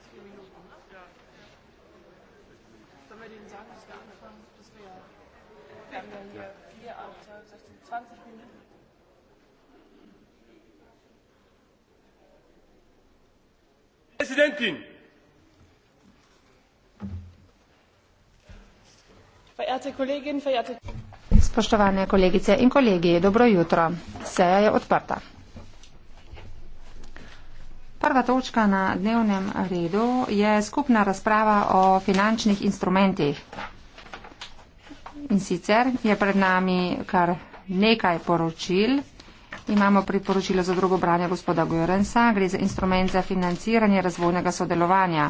30 Minuten. Ne? Ja. Sollen wir denen sagen, dass wir anfangen? Ja. Dass wir, wir haben dann hier 4, 8, 16, 20 Minuten. Präsidentin! Verehrte Kolleginnen, verehrte Spoštovane kolegice in kolegi, dobro jutro. Seja je odprta. Prva točka na dnevnem redu je skupna razprava o finančnih instrumentih. In sicer je pred nami kar nekaj poročil. Imamo priporočilo za drugo branje gospoda Gorensa, gre za instrument za financiranje razvojnega sodelovanja.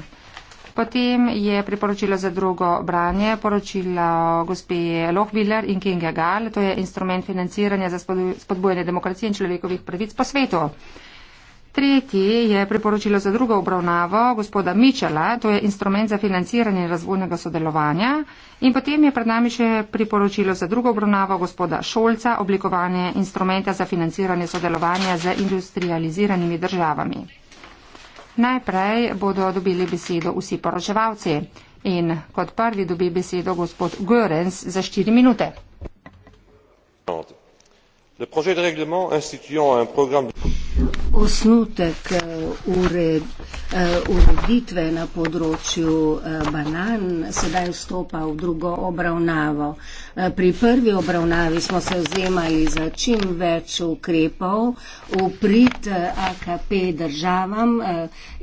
Potem je priporočilo za drugo branje poročilo gospe Lohwiller in Kinga Gall, to je instrument financiranja za spodbujanje demokracije in človekovih pravic po svetu. Tretji je priporočilo za drugo obravnavo gospoda Mičela, to je instrument za financiranje razvojnega sodelovanja. In potem je pred nami še priporočilo za drugo obravnavo gospoda Šolca, oblikovanje instrumenta za financiranje sodelovanja z industrializiranimi državami. Najprej bodo dobili besedo vsi poročevalci. In kot prvi dobi besedo gospod Görens za štiri minute. Le projet de règlement instituant un programme de osnutek eh, ured, eh, ureditve na področju eh, banan sedaj vstopa v drugo obravnavo. Pri prvi obravnavi smo se vzemali za čim več ukrepov v prid AKP državam,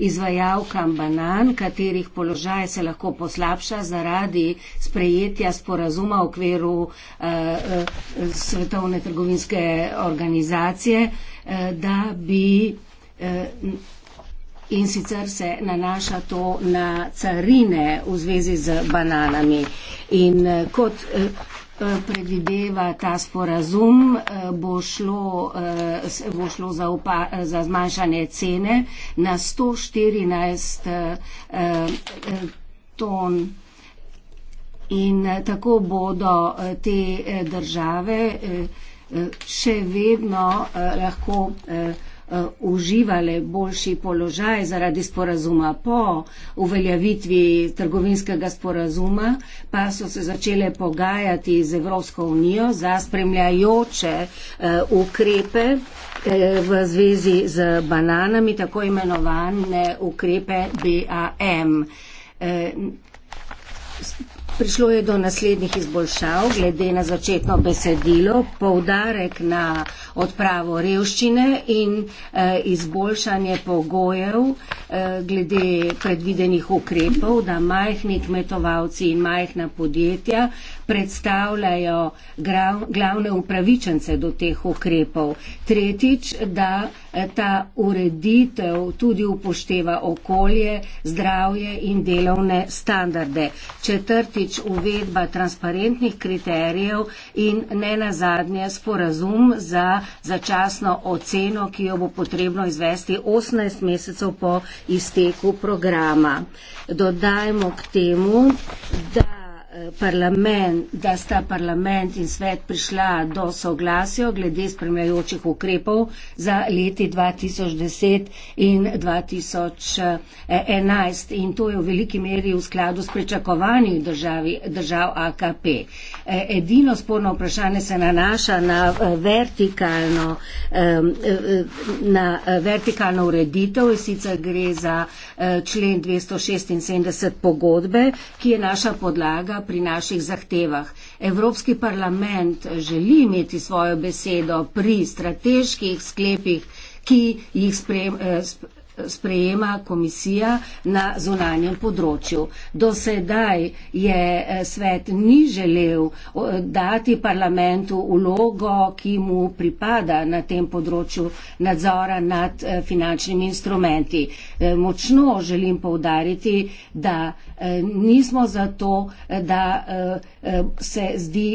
izvajalkam banan, katerih položaj se lahko poslabša zaradi sprejetja sporazuma v okviru Svetovne trgovinske organizacije. Eh, da bi eh, in sicer se nanaša to na carine v zvezi z bananami. In eh, kot predvideva ta sporazum, bo šlo, bo šlo za, upa, za zmanjšanje cene na 114 ton. In tako bodo te države še vedno eh, lahko eh, eh, uživale boljši položaj zaradi sporazuma. Po uveljavitvi trgovinskega sporazuma pa so se začele pogajati z Evropsko unijo za spremljajoče ukrepe v zvezi z bananami, tako imenovane ukrepe BAM. Prišlo je do naslednjih izboljšav glede na začetno besedilo, poudarek na odpravo revščine in eh, izboljšanje pogojev eh, glede predvidenih ukrepov, da majhni kmetovalci in majhna podjetja eh, predstavljajo glavne upravičence do teh ukrepov. Tretjič, da eh, ta ureditev tudi upošteva okolje, zdravje in delovne standarde. Četrtič, uvedba transparentnih kriterijev in ne nazadnje sporazum za začasno oceno, ki jo bo potrebno izvesti 18 mesecev po izteku programa. Dodajmo k temu, da parlament, da sta parlament in svet prišla do soglasja glede spremljajočih ukrepov za leti 2010 in 2011. In to je v veliki meri v skladu s pričakovanji državi, držav AKP. Eh, edino sporno vprašanje se nanaša na eh, vertikalno, eh, na vertikalno ureditev in sicer gre za člen 276 pogodbe, ki je naša podlaga pri naših zahtevah. Evropski parlament želi imeti svojo besedo pri strateških sklepih, ki jih sprejemamo sprejema komisija na zunanjem področju. Do sedaj je eh, svet ni želel dati parlamentu ulogo, ki mu pripada na tem področju nadzora nad eh, finančnimi instrumenti. Eh, močno želim povdariti, da nismo za to, da se zdi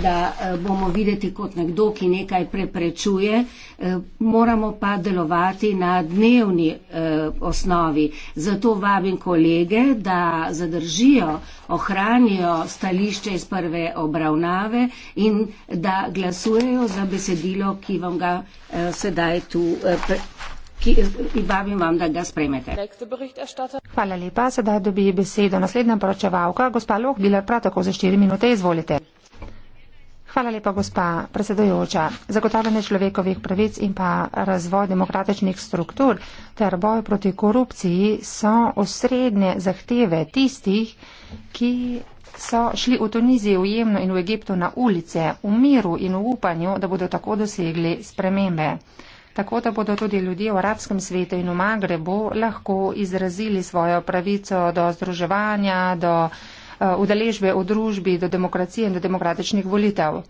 da eh, bomo videti kot nekdo, ki nekaj preprečuje, eh, moramo pa delovati na dnevni eh, osnovi. Zato vabim kolege, da zadržijo, ohranijo stališče iz prve obravnave in da glasujejo za besedilo, ki vam ga sedaj tu. Hvala lepa. Sedaj dobi besedo naslednja poročevalka, gospa Lohbiler, prav tako za štiri minute. Izvolite. Hvala lepa, gospa predsedujoča. Zagotavljanje človekovih pravic in pa razvoj demokratičnih struktur ter boj proti korupciji so osrednje zahteve tistih, ki so šli v Tuniziji, v Jemno in v Egiptu na ulice v miru in v upanju, da bodo tako dosegli spremembe. Tako da bodo tudi ljudje v arabskem svetu in v Magrebu lahko izrazili svojo pravico do združevanja, do. Eh, udeležbe v družbi, do demokracije in do demokratičnih volitev.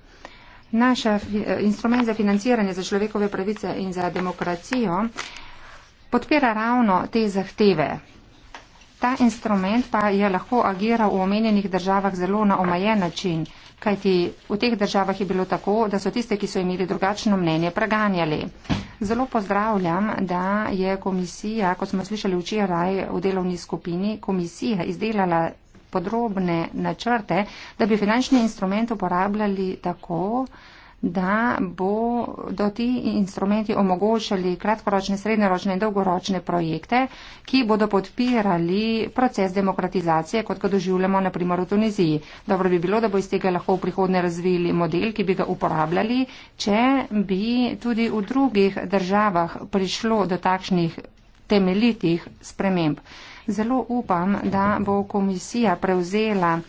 Naš eh, eh, instrument za financiranje za človekove pravice in za demokracijo podpira ravno te zahteve. Ta instrument pa je lahko agiral v omenjenih državah zelo na omajen način, kajti v teh državah je bilo tako, da so tiste, ki so imeli drugačno mnenje, preganjali. Zelo pozdravljam, da je komisija, kot smo slišali včeraj v delovni skupini, komisija izdelala podrobne načrte, da bi finančni instrument uporabljali tako, da bo do ti instrumenti omogočali kratkoročne, srednjeročne in dolgoročne projekte, ki bodo podpirali proces demokratizacije, kot ga doživljamo na primer v Tuniziji. Dobro bi bilo, da bo iz tega lahko v prihodne razvili model, ki bi ga uporabljali, če bi tudi v drugih državah prišlo do takšnih temeljitih sprememb. Zelo upam, da bo komisija prevzela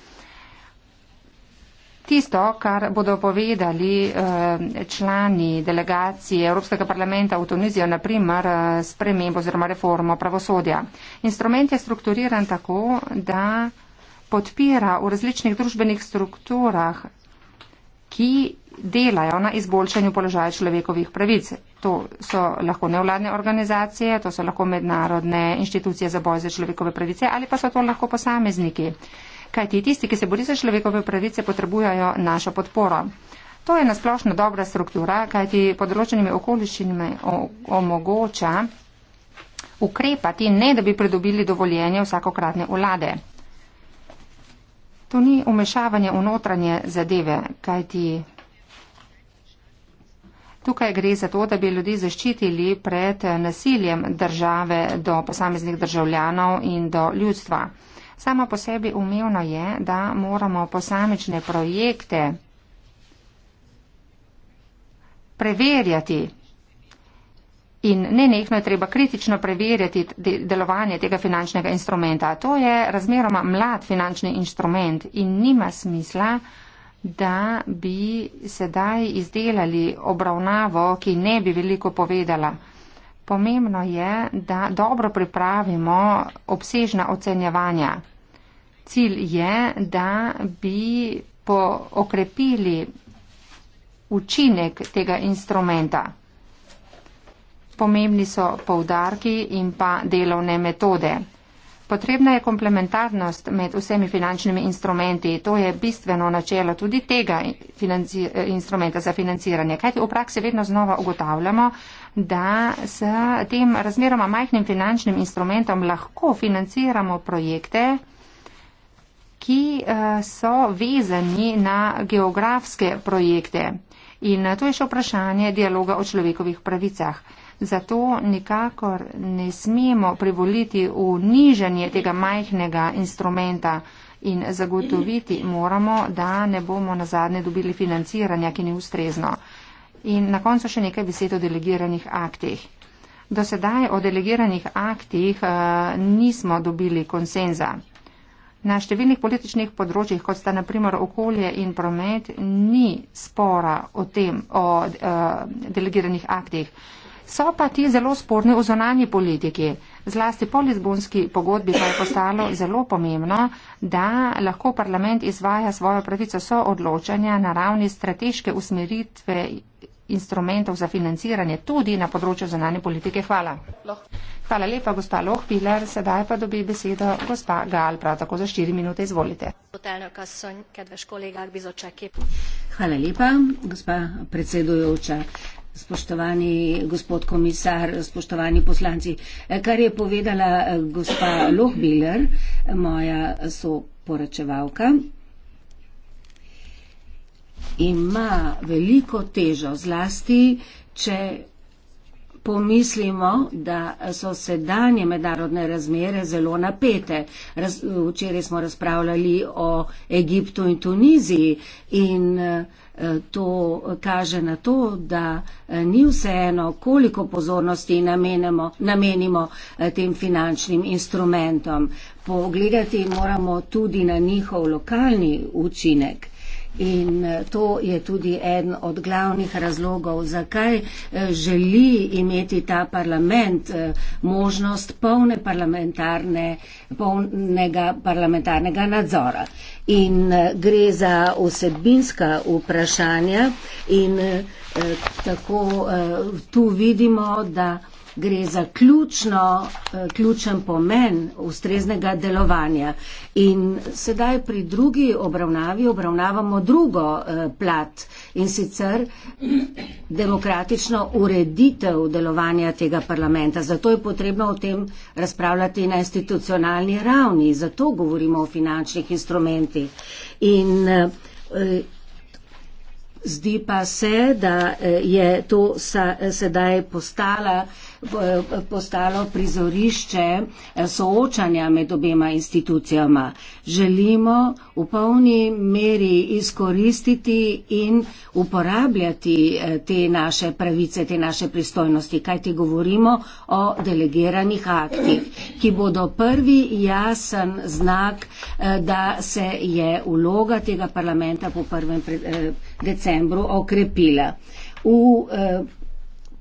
tisto, kar bodo povedali eh, člani delegacije Evropskega parlamenta v Tunizijo, naprimer eh, spremembo oziroma reformo pravosodja. Instrument je strukturiran tako, da podpira v različnih družbenih strukturah, ki delajo na izboljšanju položaja človekovih pravic. To so lahko nevladne organizacije, to so lahko mednarodne inštitucije za boj za človekove pravice ali pa so to lahko posamezniki. Kaj ti tisti, ki se bori za človekove pravice, potrebujajo našo podporo. To je nasplošno dobra struktura, kaj ti pod določenimi okoliščinami omogoča ukrepati, ne da bi pridobili dovoljenje vsakokratne vlade. To ni umešavanje v notranje zadeve, kaj ti Tukaj gre za to, da bi ljudi zaščitili pred nasiljem države do posameznih državljanov in do ljudstva. Samo po sebi umevno je, da moramo posamične projekte preverjati in nenehno je treba kritično preverjati delovanje tega finančnega instrumenta. To je razmeroma mlad finančni instrument in nima smisla, da bi sedaj izdelali obravnavo, ki ne bi veliko povedala. Pomembno je, da dobro pripravimo obsežna ocenjevanja. Cilj je, da bi okrepili učinek tega instrumenta. Pomembni so poudarki in pa delovne metode. Potrebna je komplementarnost med vsemi finančnimi instrumenti. To je bistveno načelo tudi tega instrumenta za financiranje. Kajti v praksi vedno znova ugotavljamo, da s tem razmeroma majhnim finančnim instrumentom lahko financiramo projekte, ki eh, so vezani na geografske projekte. In eh, to je še vprašanje dialoga o človekovih pravicah. Zato nikakor ne smemo privoliti v nižanje tega majhnega instrumenta in zagotoviti moramo, da ne bomo na zadnje dobili financiranja, ki ni ustrezno. In na koncu še nekaj besed o delegiranih aktih. Do sedaj o delegiranih aktih uh, nismo dobili konsenza. Na številnih političnih področjih, kot sta naprimer okolje in promet, ni spora o tem, o uh, delegiranih aktih. Uh, So pa ti zelo sporni v zonanji politiki. Zlasti po Lizbonski pogodbi pa je postalo zelo pomembno, da lahko parlament izvaja svojo pravico soodločanja na ravni strateške usmeritve instrumentov za financiranje tudi na področju zonanje politike. Hvala. Hvala lepa, gospa Lohpiler. Sedaj pa dobi besedo gospa Gal, prav tako za štiri minute. Izvolite. Hvala lepa, gospa predsedujoča spoštovani gospod komisar, spoštovani poslanci. Kar je povedala eh, gospa Lohbiller, moja soporočevalka, ima veliko težo zlasti, če pomislimo, da so sedanje mednarodne razmere zelo napete. Raz, včeraj smo razpravljali o Egiptu in Tuniziji in eh, to kaže na to, da eh, ni vseeno, koliko pozornosti namenimo, namenimo eh, tem finančnim instrumentom. Pogledati moramo tudi na njihov lokalni učinek. In eh, to je tudi en od glavnih razlogov, zakaj eh, želi imeti ta parlament eh, možnost polne parlamentarne, polnega parlamentarnega nadzora. In gre za vsebinska vprašanja in tako tu vidimo, da gre za ključno, eh, ključen pomen ustreznega delovanja. In sedaj pri drugi obravnavi obravnavamo drugo eh, plat in sicer demokratično ureditev delovanja tega parlamenta. Zato je potrebno o tem razpravljati na institucionalni ravni, zato govorimo o finančnih instrumentih. In eh, zdi pa se, da je to sedaj postala postalo prizorišče eh, soočanja med obema institucijama. Želimo v polni meri izkoristiti in uporabljati eh, te naše pravice, te naše pristojnosti, kaj ti govorimo o delegiranih aktih, ki bodo prvi jasen znak, eh, da se je vloga tega parlamenta po 1. decembru okrepila. V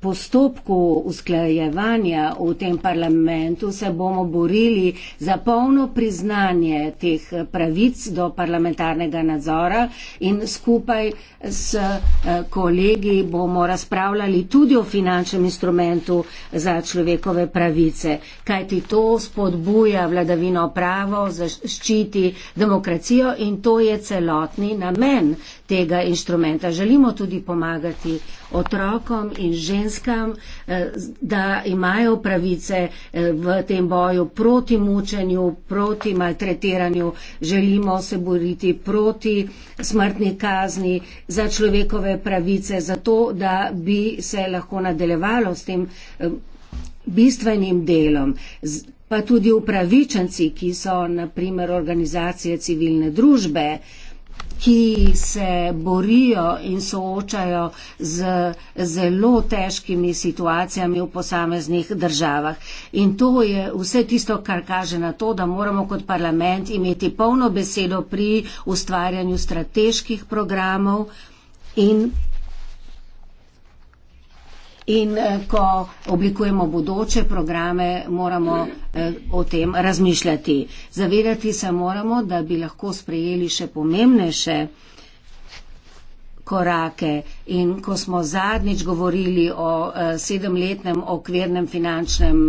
postopku usklajevanja v tem parlamentu se bomo borili za polno priznanje teh pravic do parlamentarnega nadzora in skupaj s eh, kolegi bomo razpravljali tudi o finančnem instrumentu za človekove pravice, kajti to spodbuja vladavino pravo, zaščiti demokracijo in to je celotni namen tega inštrumenta. Želimo tudi pomagati otrokom in ženskam, eh, da imajo pravice eh, v tem boju proti mučenju, proti maltretiranju. Želimo se boriti proti smrtni kazni za človekove pravice, zato da bi se lahko nadaljevalo s tem eh, bistvenim delom pa tudi upravičenci, ki so naprimer organizacije civilne družbe, ki se borijo in soočajo z zelo težkimi situacijami v posameznih državah. In to je vse tisto, kar kaže na to, da moramo kot parlament imeti polno besedo pri ustvarjanju strateških programov in In eh, ko oblikujemo bodoče programe, moramo eh, o tem razmišljati. Zavedati se moramo, da bi lahko sprejeli še pomembnejše korake. In ko smo zadnjič govorili o eh, sedemletnem okvirnem finančnem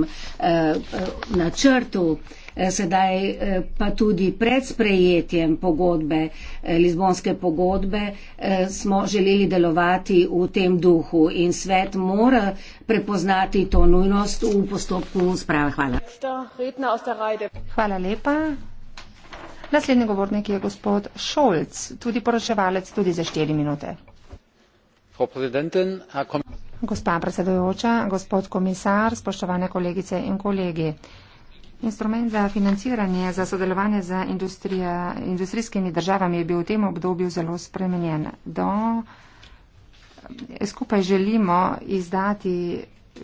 načrtu, Eh, sedaj eh, pa tudi pred sprejetjem pogodbe, eh, Lizbonske pogodbe, smo želeli delovati v tem duhu in svet mora prepoznati to nujnost v postopku sprave. Hvala. Hvala lepa. Naslednji govornik je gospod Šolc, tudi poročevalec, tudi za štiri minute. Gospa predsedujoča, gospod komisar, spoštovane kolegice in kolegi. Instrument za financiranje za sodelovanje z industrijskimi državami je bil v tem obdobju zelo spremenjen. Do, skupaj želimo izdati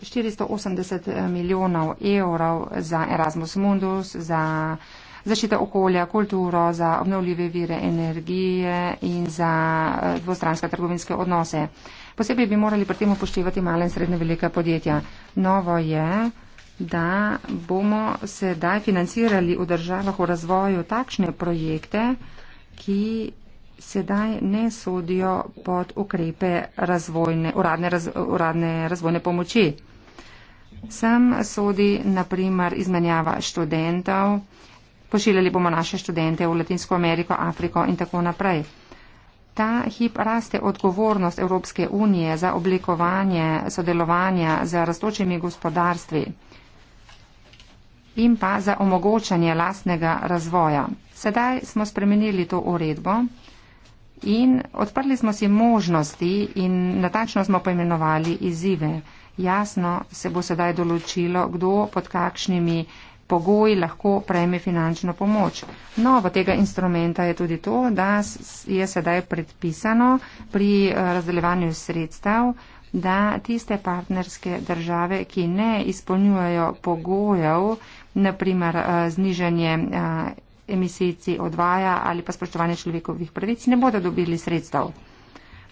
480 milijonov evrov za Erasmus Mundus, za zaščito okolja, kulturo, za obnovljive vire energije in za eh, dvostranske trgovinske odnose. Posebej bi morali pri tem upoštevati male in srednje velike podjetja. Novo je, da bomo sedaj financirali v državah v razvoju takšne projekte, ki sedaj ne sodijo pod ukrepe razvojne, uradne, raz, uradne razvojne pomoči. Sem sodi naprimer izmenjava študentov, pošiljali bomo naše študente v Latinsko Ameriko, Afriko in tako naprej. Ta hip raste odgovornost Evropske unije za oblikovanje sodelovanja z raztočimi gospodarstvi in pa za omogočanje lastnega razvoja. Sedaj smo spremenili to uredbo in odprli smo si možnosti in natačno smo poimenovali izzive. Jasno se bo sedaj določilo, kdo pod kakšnimi pogoji lahko prejme finančno pomoč. Novo tega instrumenta je tudi to, da je sedaj predpisano pri eh, razdeljevanju sredstev, da tiste partnerske države, ki ne izpolnjujejo pogojev, naprimer eh, znižanje eh, emisij CO2 -ja ali pa spoštovanje človekovih pravic, ne bodo dobili sredstev.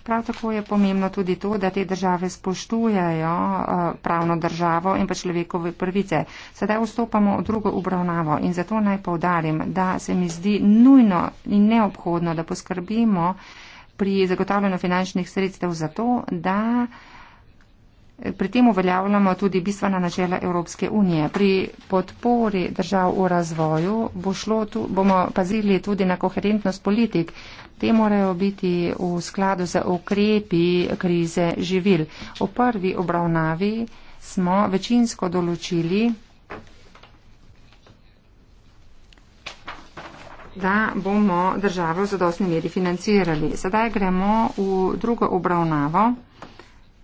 Prav tako je pomembno tudi to, da te države spoštujajo eh, pravno državo in pa človekove prvice. Sedaj vstopamo v drugo obravnavo in zato naj povdarim, da se mi zdi nujno in neobhodno, da poskrbimo pri zagotavljanju finančnih sredstev za to, da Pri tem uveljavljamo tudi bistvena načela Evropske unije. Pri podpori držav v razvoju bo šlo, tu, bomo pazili tudi na koherentnost politik. Te morajo biti v skladu za ukrepi krize živil. V prvi obravnavi smo večinsko določili, da bomo državo v zadostni meri financirali. Sedaj gremo v drugo obravnavo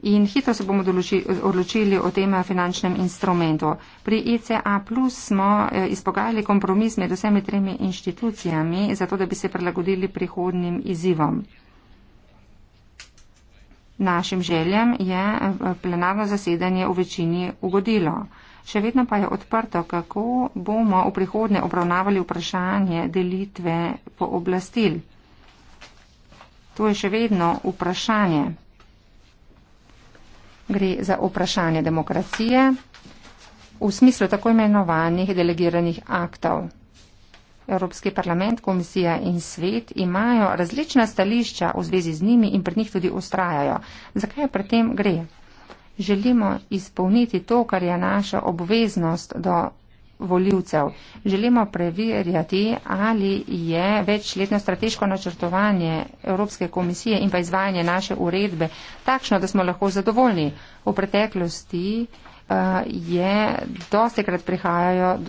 in hitro se bomo določi, odločili o tem finančnem instrumentu. Pri ICA e Plus smo e, izpogajali kompromis med vsemi tremi inštitucijami, zato da bi se prilagodili prihodnim izzivom. Našim željem je e, plenarno zasedanje v večini ugodilo. Še vedno pa je odprto, kako bomo v prihodnje obravnavali vprašanje delitve pooblastil. To je še vedno vprašanje gre za vprašanje demokracije v smislu tako imenovanih delegiranih aktov. Evropski parlament, komisija in svet imajo različna stališča v zvezi z njimi in pred njih tudi ustrajajo. Zakaj pred tem gre? Želimo izpolniti to, kar je naša obveznost do voljivcev. Želimo preverjati, ali je večletno strateško načrtovanje Evropske komisije in pa izvajanje naše uredbe takšno, da smo lahko zadovoljni. V preteklosti uh, je dosti krat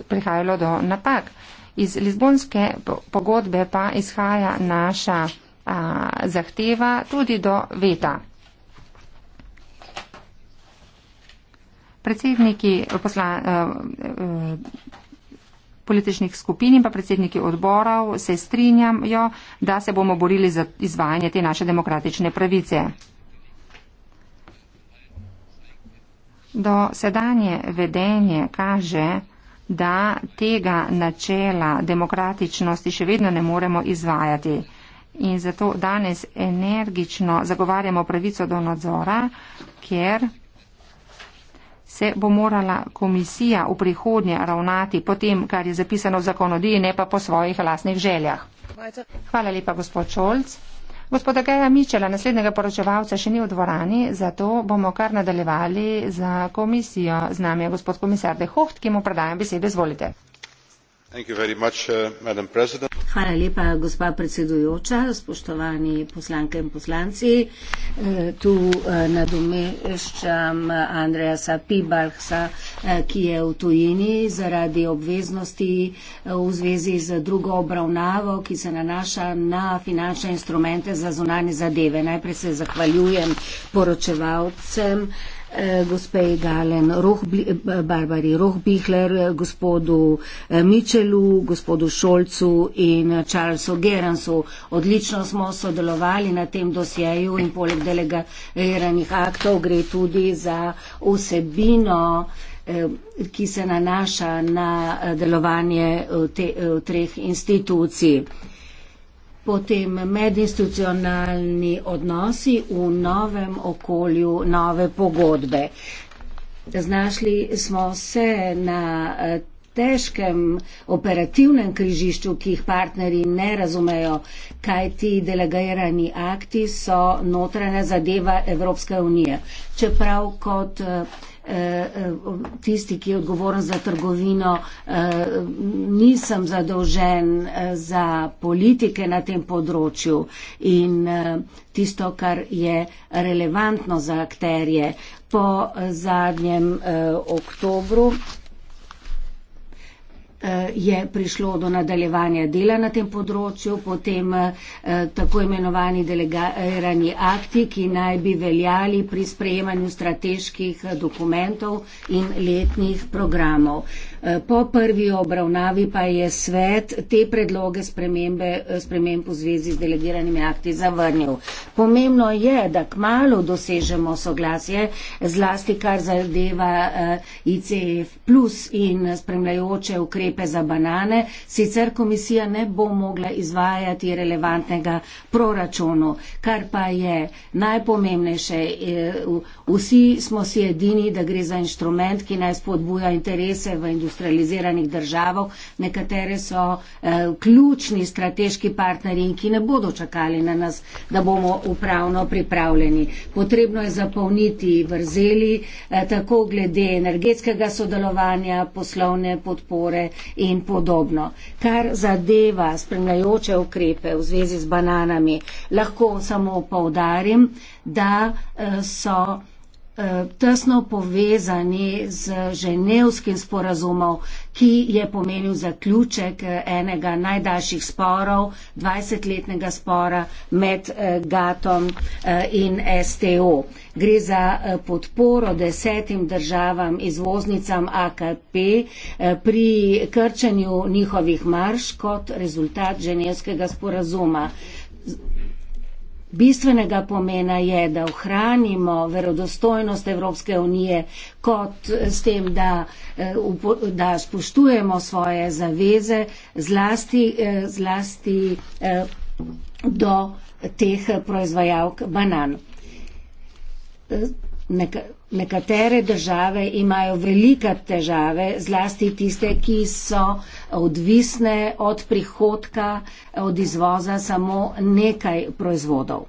prihajalo do napak. Iz Lizbonske pogodbe pa izhaja naša a, eh, zahteva tudi do veta. predsedniki posla, eh, eh, političnih skupin in pa predsedniki odborov se strinjajo, da se bomo borili za izvajanje te naše demokratične pravice. Do sedanje vedenje kaže, da tega načela demokratičnosti še vedno ne moremo izvajati. In zato danes energično zagovarjamo pravico do nadzora, ker se bo morala komisija v prihodnje ravnati po tem, kar je zapisano v zakonodaji, ne pa po svojih lasnih željah. Hvala lepa, gospod Šolc. Gospoda Gaja Mičela, naslednjega poročevalca, še ni v dvorani, zato bomo kar nadaljevali za komisijo. Z nami je gospod komisar Dehoht, ki mu predajam besede. Zvolite. Uh, Hvala lepa, gospa predsedujoča, spoštovani poslanke in poslanci. Eh, tu eh, nadomeščam Andreasa Pibarhsa, eh, ki je v tujini zaradi obveznosti v zvezi z drugo obravnavo, ki se nanaša na finančne instrumente za zunanje zadeve. Najprej se zahvaljujem poročevalcem. Eh, gospe Galen Rohbli, eh, Barbari Rohbihler, eh, gospodu Mičelu, gospodu Šolcu in Charlesu Geransu. Odlično smo sodelovali na tem dosjeju in poleg delegiranih aktov gre tudi za vsebino ki se nanaša na delovanje te, treh institucij potem medinstitucionalni odnosi v novem okolju, nove pogodbe. Znašli smo se na eh, težkem operativnem križišču, ki jih partneri ne razumejo, kaj ti delegirani akti so notranja zadeva Evropske unije. Čeprav kot uh, Eh, tisti, ki je odgovoren za trgovino, eh, nisem zadolžen eh, za politike na tem področju in tisto, kar je relevantno za akterje. Po zadnjem oktobru Eh, je prišlo do nadaljevanja dela na tem področju, potem eh, tako imenovani delegirani akti, ki naj bi veljali pri sprejemanju strateških eh, dokumentov in letnih programov. Po prvi obravnavi pa je svet te predloge sprememb v zvezi z delegiranimi akti zavrnil. Pomembno je, da k malu dosežemo soglasje, zlasti kar zadeva eh, ICF plus in spremljajoče ukrepe za banane, sicer komisija ne bo mogla izvajati relevantnega proračunu, kar pa je najpomembnejše. Eh, vsi smo si edini, da gre za inštrument, ki naj spodbuja interese v industriji industrializiranih državov, nekatere so eh, ključni strateški partnerji in ki ne bodo čakali na nas, da bomo upravno pripravljeni. Potrebno je zapolniti vrzeli, eh, tako glede energetskega sodelovanja, poslovne podpore in podobno. Kar zadeva spremljajoče ukrepe v zvezi z bananami, lahko samo povdarim, da eh, so Eh, tesno povezani z ženevskim sporazumom, ki je pomenil zaključek eh, enega najdaljših sporov, 20-letnega spora med eh, GATOM in STO. Gre za podporo desetim državam izvoznicam AKP pri krčenju njihovih marš kot rezultat ženevskega sporazuma bistvenega pomena je, da ohranimo verodostojnost Evropske unije kot s tem, da, eh, da spoštujemo svoje zaveze zlasti, eh, zlasti eh, do teh proizvajalk banan. Nekaj. Nekatere države imajo velike težave, zlasti tiste, ki so odvisne od prihodka, od izvoza samo nekaj proizvodov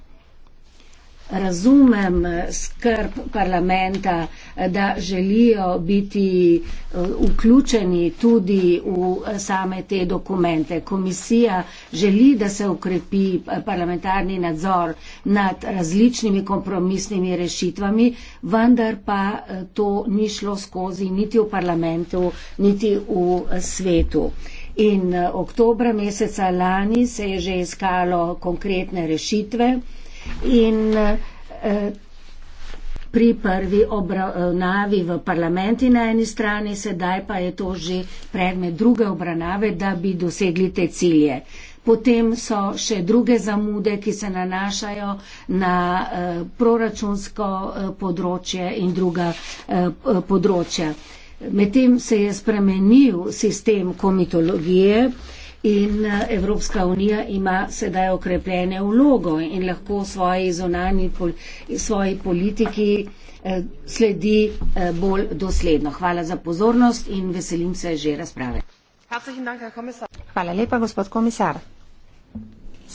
razumem skrb parlamenta, da želijo biti eh, vključeni tudi v eh, same te dokumente. Komisija želi, da se ukrepi eh, parlamentarni nadzor nad različnimi kompromisnimi rešitvami, vendar pa to ni šlo skozi niti v parlamentu, niti v svetu. In oktobra meseca lani se je že iskalo konkretne rešitve, In eh, pri prvi obravnavi v parlamenti na eni strani, sedaj pa je to že predmet druge obravnave, da bi dosegli te cilje. Potem so še druge zamude, ki se nanašajo na eh, proračunsko eh, področje in druga področja. Medtem se je spremenil sistem komitologije, In eh, Evropska unija ima sedaj okrepljene vlogo in lahko svoji zonani, svoji politiki eh, sledi eh, bolj dosledno. Hvala za pozornost in veselim se že razprave. Hvala lepa, gospod komisar.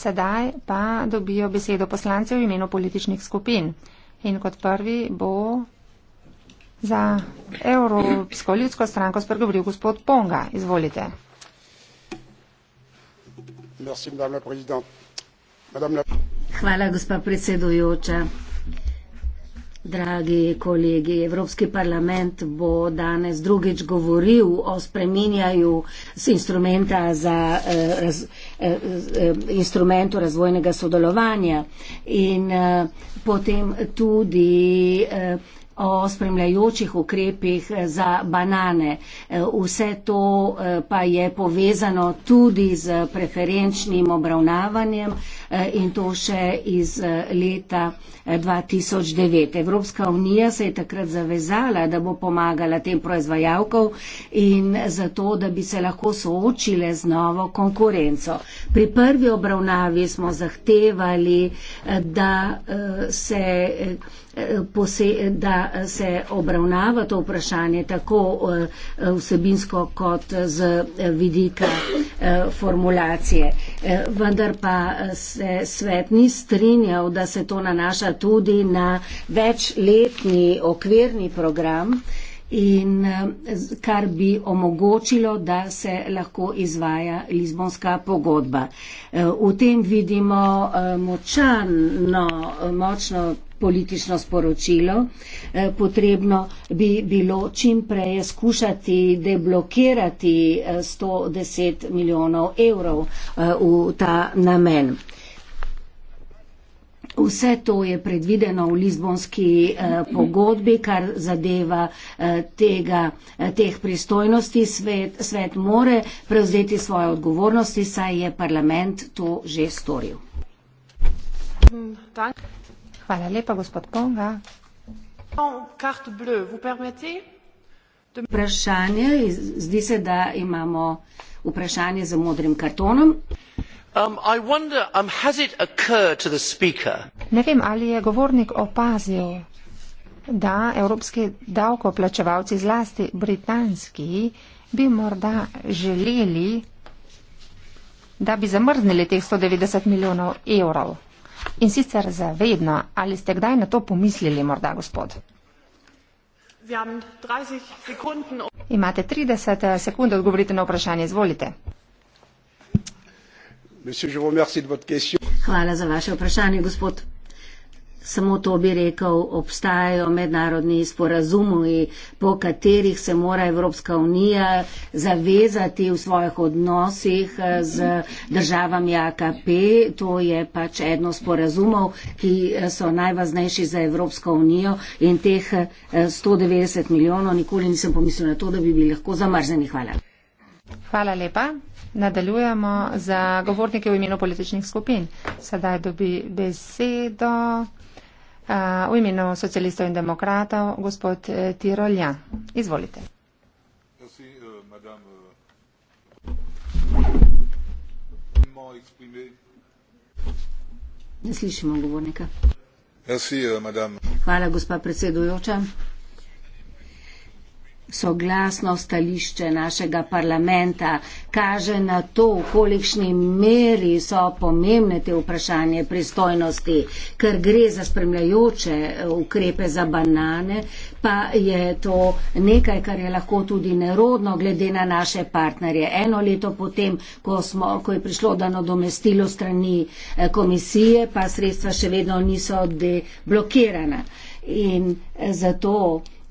Sedaj pa dobijo besedo poslance v imenu političnih skupin. In kot prvi bo za Evropsko ljudsko stranko spregovoril gospod Ponga. Izvolite. Madame la présidente. Madame la... Hvala, gospa predsedujoča. Dragi kolegi, Evropski parlament bo danes drugič govoril o spreminjaju instrumenta za eh, raz, eh, eh, instrumentu razvojnega sodelovanja in eh, potem tudi eh, o spremljajočih ukrepih za banane. Vse to eh, pa je povezano tudi z preferenčnim obravnavanjem eh, in to še iz eh, leta 2009. Evropska unija se je takrat zavezala, da bo pomagala tem proizvajalkom in zato, da bi se lahko soočile z novo konkurenco. Pri prvi obravnavi smo zahtevali, da se da se obravnava to vprašanje tako eh, vsebinsko kot z vidika eh, formulacije. Eh, vendar pa se svet ni strinjal, da se to nanaša tudi na večletni okvirni program, in eh, kar bi omogočilo, da se lahko izvaja Lizbonska pogodba. Eh, v tem vidimo eh, močano, močno politično sporočilo. Potrebno bi bilo čimpreje skušati deblokirati 110 milijonov evrov v ta namen. Vse to je predvideno v Lizbonski eh, pogodbi, kar zadeva eh, tega, eh, teh pristojnosti. Svet, svet more prevzeti svoje odgovornosti, saj je parlament to že storil. Hvala lepa, gospod Ponga. Vprašanje, zdi se, da imamo vprašanje za modrim kartonom. Um, I wonder, um, has it occurred to the speaker? Ne vem, ali je govornik opazil, da evropski davkoplačevalci, zlasti britanski, bi morda želeli, da bi zamrznili teh 190 milijonov evrov. In sicer zavedno, ali ste kdaj na to pomislili, morda gospod? Um Imate 30 eh, sekund, odgovorite na vprašanje, izvolite. Hvala za vaše vprašanje, gospod. Samo to bi rekel, obstajajo mednarodni sporazumi, po katerih se mora Evropska unija zavezati v svojih odnosih eh, z državami AKP. To je pač eno sporazumov, ki eh, so najvaznejši za Evropsko unijo in teh 190 eh, milijonov nikoli nisem pomislil na to, da bi bili lahko zamrzeni. Hvala. Hvala lepa. Nadaljujemo za govornike v imenu političnih skupin. Sedaj dobi besedo uh, v imenu socialistov in demokratov gospod e, Tirolja. Izvolite. Ja, e, e, ne slišimo govornika. Ja, Hvala, gospa predsedujoča soglasno stališče našega parlamenta kaže na to, v kolikšni meri so pomembne te vprašanje pristojnosti, ker gre za spremljajoče eh, ukrepe za banane, pa je to nekaj, kar je lahko tudi nerodno glede na naše partnerje. Eno leto potem, ko, smo, ko je prišlo do nadomestilo strani eh, komisije, pa sredstva še vedno niso deblokirana. In eh, zato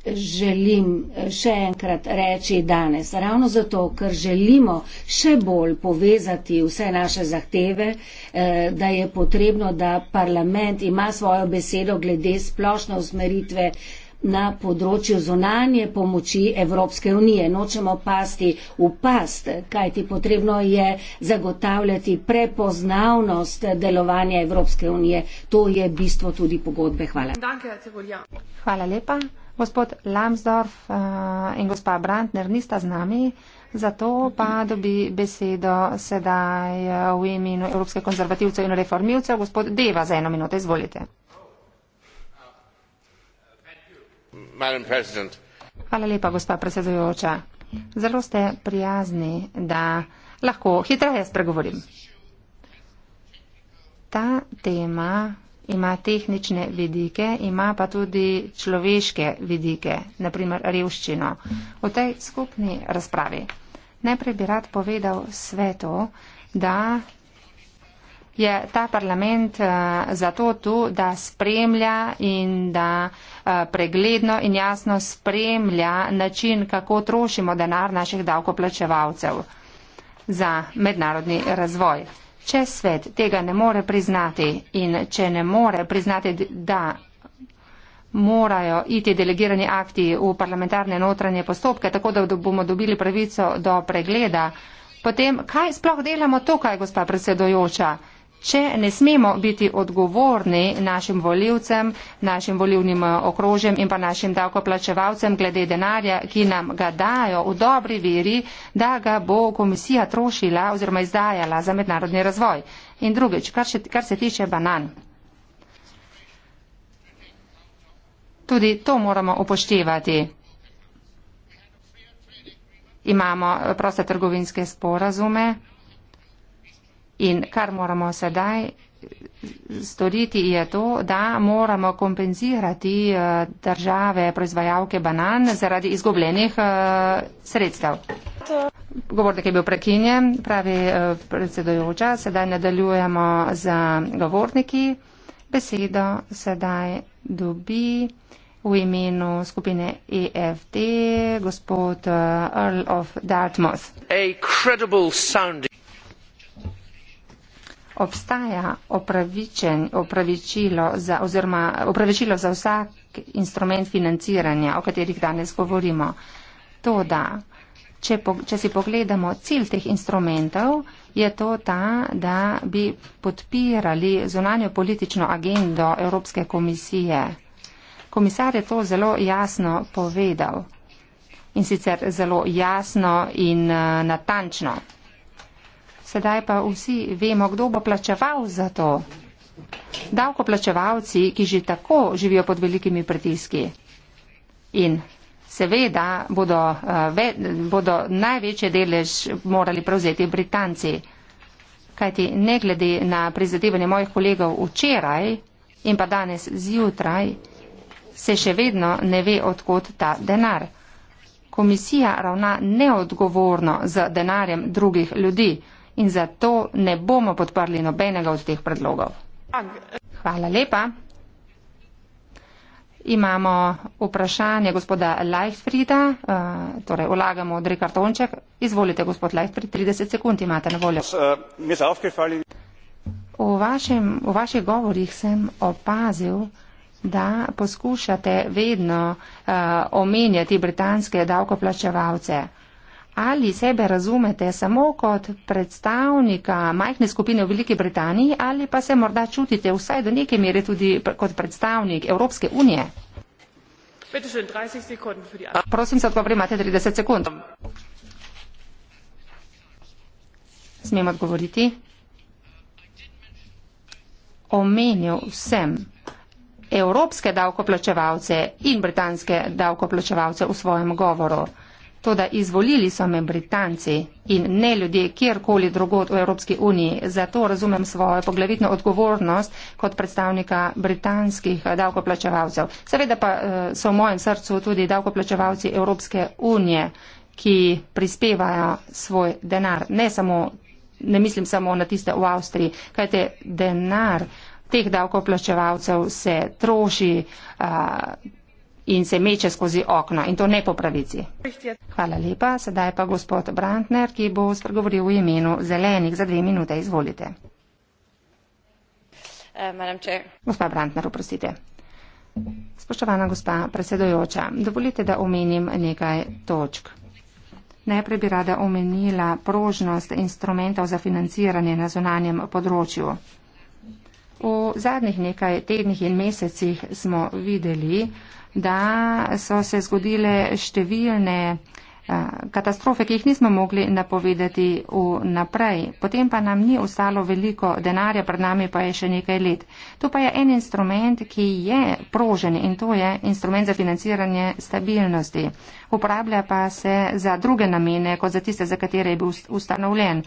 želim eh, še enkrat reči danes. Ravno zato, ker želimo še bolj povezati vse naše zahteve, eh, da je potrebno, da parlament ima svojo besedo glede splošne usmeritve na področju zonanje pomoči Evropske unije. Nočemo pasti v past, kajti potrebno je zagotavljati prepoznavnost delovanja Evropske unije. To je bistvo tudi pogodbe. Hvala. Hvala lepa. Gospod Lambsdorff eh, in gospa Brandner nista z nami, zato pa dobi besedo sedaj eh, v imenu Evropske konzervativce in reformivce. Gospod Deva, za eno minuto izvolite. Hvala lepa, gospa predsedujoča. Zelo ste prijazni, da lahko hitreje spregovorim. Ta tema ima tehnične vidike, ima pa tudi človeške vidike, naprimer revščino. V tej skupni razpravi najprej bi rad povedal svetu, da je ta parlament eh, zato tu, da spremlja in da eh, pregledno in jasno spremlja način, kako trošimo denar naših davkoplačevalcev za mednarodni razvoj. Če svet tega ne more priznati in če ne more priznati, da morajo iti delegirani akti v parlamentarne notranje postopke, tako da bomo dobili pravico do pregleda, potem kaj sploh delamo tukaj, gospa predsedojoča? Če ne smemo biti odgovorni našim voljivcem, našim voljivnim eh, okrožjem in pa našim davkoplačevalcem glede denarja, ki nam ga dajo v dobri veri, da ga bo komisija trošila oziroma izdajala za mednarodni razvoj. In drugič, kar, še, kar se tiče banan. Tudi to moramo upoštevati. Imamo eh, proste trgovinske sporazume. In kar moramo sedaj storiti je to, da moramo kompenzirati eh, države proizvajalke banan zaradi izgubljenih eh, sredstev. Govornik je bil prekinjen, pravi eh, predsedojoča, sedaj nadaljujemo z govorniki. Besedo sedaj dobi v imenu skupine EFT gospod Earl of Dartmouth obstaja opravičen, opravičilo za, oziroma opravičilo za vsak instrument financiranja, o katerih danes govorimo. To, da če, po, če si pogledamo cilj teh instrumentov, je to ta, da bi podpirali zunanjo politično agendo Evropske komisije. Komisar je to zelo jasno povedal in sicer zelo jasno in eh, natančno. Sedaj pa vsi vemo, kdo bo plačeval za to. Davkoplačevalci, ki že tako živijo pod velikimi pritiski. In seveda bodo, eh, ve, bodo največje delež morali prevzeti Britanci. Kajti ne glede na prizadevanje mojih kolegov včeraj in pa danes zjutraj, se še vedno ne ve, odkot ta denar. Komisija ravna neodgovorno z denarjem drugih ljudi in zato ne bomo podprli nobenega od teh predlogov. Hvala lepa. Imamo vprašanje gospoda Leifrida, eh, torej vlagamo odri kartonček. Izvolite, gospod Leifrid, 30 sekund imate na voljo. Eh, v, vašem, v vaših govorih sem opazil, da poskušate vedno uh, omenjati britanske davkoplačevalce. Uh, ali sebe razumete samo kot predstavnika majhne skupine v Veliki Britaniji ali pa se morda čutite vsaj do neke mere tudi kot predstavnik Evropske unije? Prosim, za odgovor imate 30 sekund. Smem odgovoriti? Omenil sem evropske davkoplačevalce in britanske davkoplačevalce v svojem govoru. Toda izvolili so me Britanci in ne ljudje kjerkoli drugod v Evropski uniji. Zato razumem svojo poglavitno odgovornost kot predstavnika britanskih davkoplačevalcev. Seveda pa eh, so v mojem srcu tudi davkoplačevalci Evropske unije, ki prispevajo svoj denar. Ne, samo, ne mislim samo na tiste v Avstriji, kajte denar teh davkoplačevalcev se troši. A, eh, in se meče skozi okno in to ne po pravici. Hvala lepa. Sedaj pa gospod Brantner, ki bo spregovoril v imenu zelenih za dve minute. Izvolite. Uh, gospa Brantner, oprostite. Spoštovana gospa predsedojoča, dovolite, da omenim nekaj točk. Najprej bi rada omenila prožnost instrumentov za financiranje na zunanjem področju. V zadnjih nekaj tednih in mesecih smo videli, da so se zgodile številne eh, katastrofe, ki jih nismo mogli napovedati vnaprej. Potem pa nam ni ostalo veliko denarja, pred nami pa je še nekaj let. Tu pa je en instrument, ki je prožen in to je instrument za financiranje stabilnosti. Uporablja pa se za druge namene, kot za tiste, za katere je bil ustanovljen.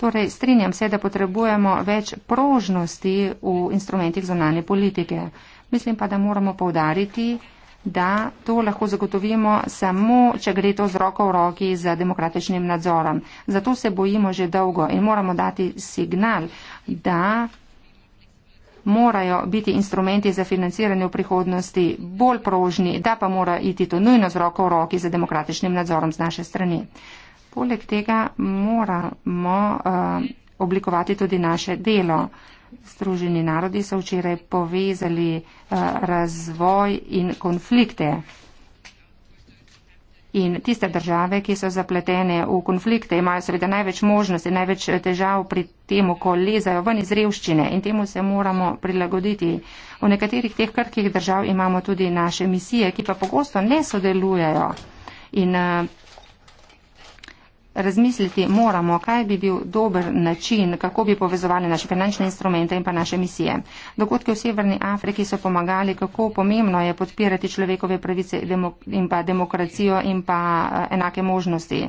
Torej, strinjam se, da potrebujemo več prožnosti v instrumentih zonalne politike. Mislim pa, da moramo povdariti, da to lahko zagotovimo samo, če gre to z roko v roki z demokratičnim nadzorom. Zato se bojimo že dolgo in moramo dati signal, da morajo biti instrumenti za financiranje v prihodnosti bolj prožni, da pa mora iti to nujno z roko v roki z demokratičnim nadzorom z naše strani. Poleg tega moramo uh, oblikovati tudi naše delo. Združeni narodi so včeraj povezali eh, razvoj in konflikte. In tiste države, ki so zapletene v konflikte, imajo seveda največ možnosti, največ eh, težav pri tem, ko lezajo ven iz revščine in temu se moramo prilagoditi. V nekaterih teh krkih držav imamo tudi naše misije, ki pa pogosto ne sodelujejo. In eh, razmisliti moramo, kaj bi bil dober način, kako bi povezovali naše finančne instrumente in pa naše misije. Dogodki v Severni Afriki so pomagali, kako pomembno je podpirati človekove pravice in pa demokracijo in pa eh, enake možnosti.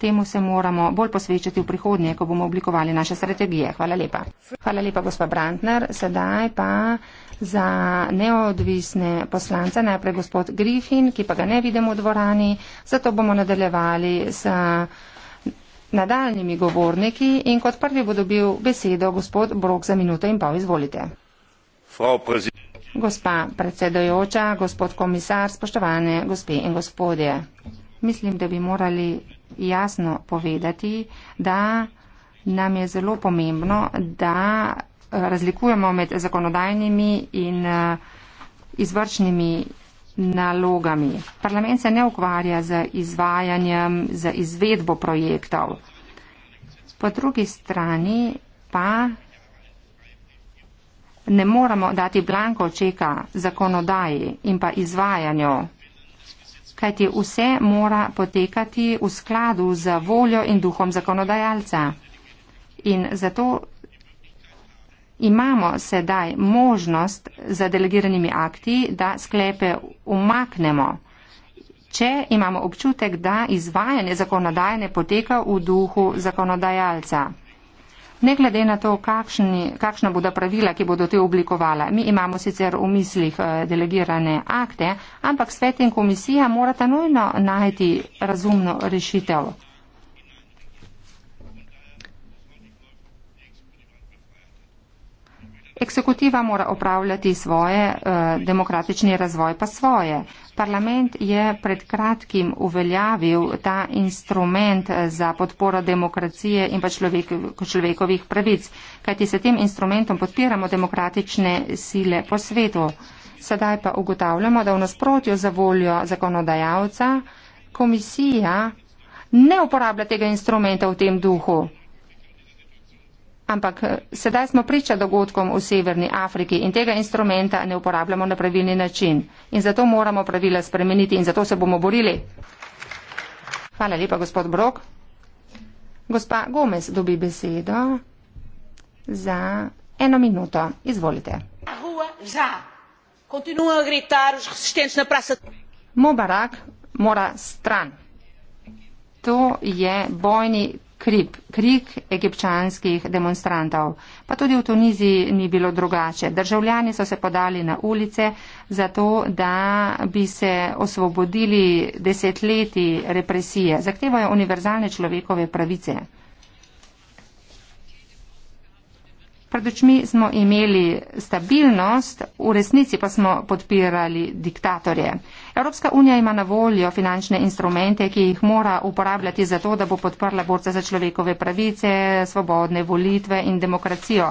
Temu se moramo bolj posvečati v prihodnje, ko bomo oblikovali naše strategije. Hvala lepa. Hvala lepa, gospod Brandner. Sedaj pa za neodvisne poslance, najprej gospod Griffin, ki pa ga ne vidimo v dvorani, zato bomo nadaljevali s nadaljnimi govorniki in kot prvi bo dobil besedo gospod Brok za minuto in pol. Izvolite. Gospa predsedojoča, gospod komisar, spoštovane gospe in gospodje. Mislim, da bi morali jasno povedati, da nam je zelo pomembno, da razlikujemo med zakonodajnimi in eh, izvršnimi nalogami. Parlament se ne ukvarja z izvajanjem, z izvedbo projektov. Po drugi strani pa ne moramo dati blanko očeka zakonodaji in pa izvajanju, kajti vse mora potekati v skladu z voljo in duhom zakonodajalca. In zato Imamo sedaj možnost za delegiranimi akti, da sklepe umaknemo, če imamo občutek, da izvajanje zakonodaje ne poteka v duhu zakonodajalca. Ne glede na to, kakšni, kakšna bodo pravila, ki bodo te oblikovala. Mi imamo sicer v mislih eh, delegirane akte, ampak svet in komisija morata nujno najti razumno rešitev. Eksekutiva mora opravljati svoje, eh, demokratični razvoj pa svoje. Parlament je pred kratkim uveljavil ta instrument eh, za podporo demokracije in pa človek, človekovih pravic, kajti s tem instrumentom podpiramo demokratične sile po svetu. Sedaj pa ugotavljamo, da v nasprotju za voljo zakonodajalca komisija ne uporablja tega instrumenta v tem duhu. Ampak eh, sedaj smo priča dogodkom v Severni Afriki in tega instrumenta ne uporabljamo na pravilni način. In zato moramo pravila spremeniti in zato se bomo borili. Hvala lepa, gospod Brok. Gospa Gomez dobi besedo za eno minuto. Izvolite. Mubarak mora stran. To je bojni krip, krik egipčanskih demonstrantov. Pa tudi v Tuniziji ni bilo drugače. Državljani so se podali na ulice zato, da bi se osvobodili desetletji represije. Zahtevajo univerzalne človekove pravice. Pred očmi smo imeli stabilnost, v resnici pa smo podpirali diktatorje. Evropska unija ima na voljo finančne instrumente, ki jih mora uporabljati za to, da bo podprla borce za človekove pravice, svobodne volitve in demokracijo.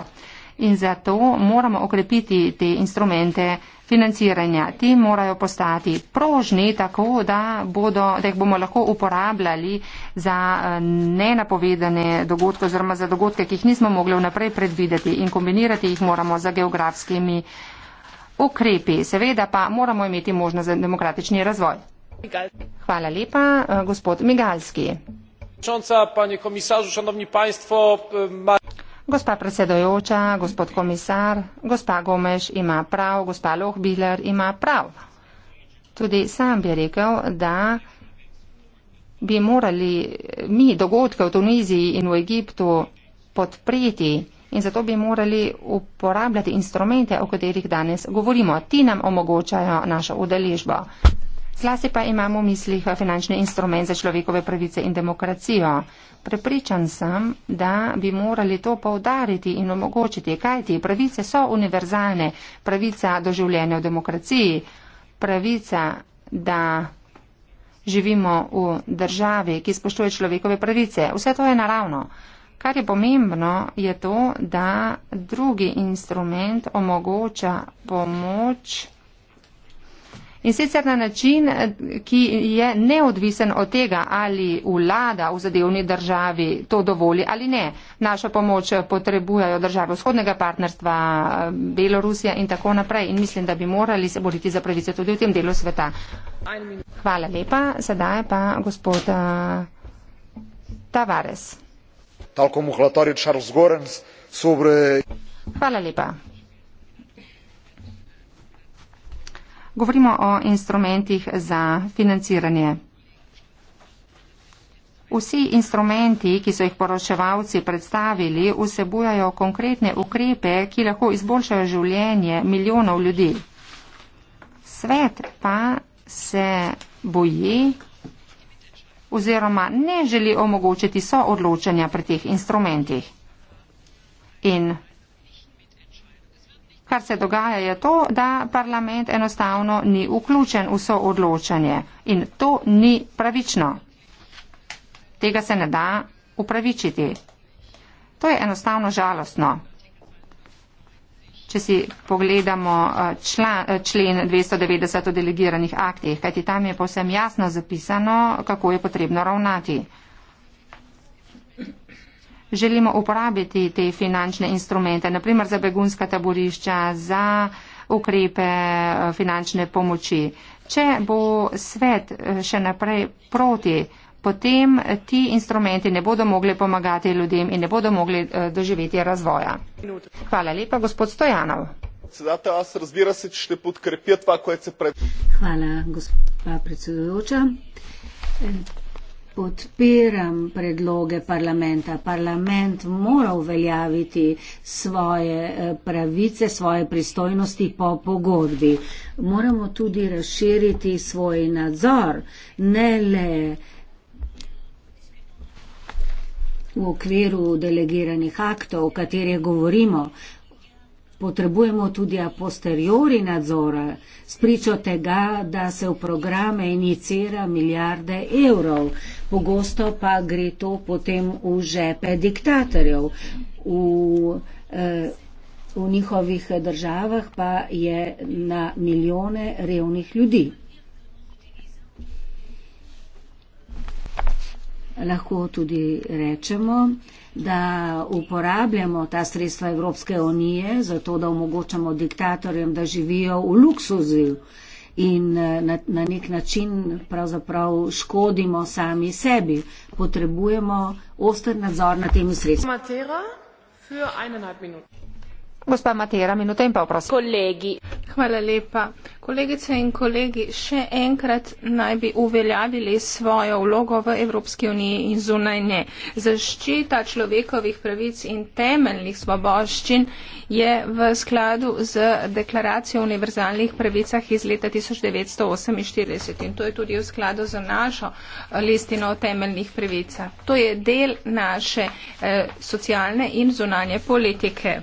In zato moramo okrepiti te instrumente financiranja. Ti morajo postati prožni, tako da, bodo, da jih bomo lahko uporabljali za eh, nenapovedane dogodke oziroma za dogodke, ki jih nismo mogli vnaprej predvideti in kombinirati jih moramo za geografskimi ukrepi. Seveda pa moramo imeti možnost za demokratični razvoj. Hvala lepa, eh, gospod Migalski. Čonca, panie komisarzu, szanowni państwo, ma... Gospa predsedojoča, gospod komisar, gospa Gomeš ima prav, gospa Lohbiler ima prav. Tudi sam bi rekel, da bi morali mi dogodke v Tuniziji in v Egiptu podpreti in zato bi morali uporabljati instrumente, o katerih danes govorimo. Ti nam omogočajo našo udeležbo. Zlasti pa imamo v mislih finančni instrument za človekove pravice in demokracijo. Prepričan sem, da bi morali to povdariti in omogočiti, kajti pravice so univerzalne, pravica do življenja v demokraciji, pravica, da živimo v državi, ki spoštuje človekove pravice. Vse to je naravno. Kar je pomembno, je to, da drugi instrument omogoča pomoč. In sicer na način, eh, ki je neodvisen od tega, ali vlada v zadevni državi to dovoli ali ne. Našo pomoč potrebujajo države vzhodnega partnerstva, eh, Belorusija in tako naprej. In mislim, da bi morali se boriti za pravice tudi v tem delu sveta. Hvala lepa. Sedaj pa gospod eh, Tavares. Hvala lepa. Govorimo o instrumentih za financiranje. Vsi instrumenti, ki so jih poročevalci predstavili, vsebujajo konkretne ukrepe, ki lahko izboljšajo življenje milijonov ljudi. Svet pa se boji oziroma ne želi omogočiti soodločanja pri teh instrumentih. In Kar se dogaja je to, da parlament enostavno ni vključen v so odločanje in to ni pravično. Tega se ne da upravičiti. To je enostavno žalostno. Če si pogledamo eh, član, eh, člen 290 o delegiranih aktih, kajti tam je povsem jasno zapisano, kako je potrebno ravnati želimo uporabiti te finančne instrumente, naprimer za begunska taborišča, za ukrepe eh, finančne pomoči. Če bo svet eh, še naprej proti, potem ti instrumenti ne bodo mogli pomagati ljudem in ne bodo mogli eh, doživeti razvoja. Hvala lepa, gospod Stojanov. Hvala, gospod predsedujoča podpiram predloge parlamenta. Parlament mora uveljaviti svoje eh, pravice, svoje pristojnosti po pogodbi. Moramo tudi razširiti svoj nadzor, ne le v okviru delegiranih aktov, o katerih govorimo, potrebujemo tudi a posteriori nadzora, spričo tega, da se v programe inicira milijarde evrov. Pogosto pa gre to potem v žepe diktatorjev. V, eh, v njihovih državah pa je na milijone revnih ljudi. Lahko tudi rečemo, da uporabljamo ta sredstva Evropske unije, zato da omogočamo diktatorjem, da živijo v luksuzi in eh, na, na nek način pravzaprav škodimo sami sebi. Potrebujemo oster nadzor nad temi sredstvi. Gospa Matera, minuta in pa vprašanje. Kolegi. Hvala lepa. Kolegice in kolegi, še enkrat naj bi uveljavili svojo vlogo v Evropski uniji in zunaj nje. Zaščita človekovih pravic in temeljnih svoboščin je v skladu z deklaracijo o univerzalnih pravicah iz leta 1948 in to je tudi v skladu z našo eh, listino o temeljnih pravicah. To je del naše eh, socialne in zunanje politike.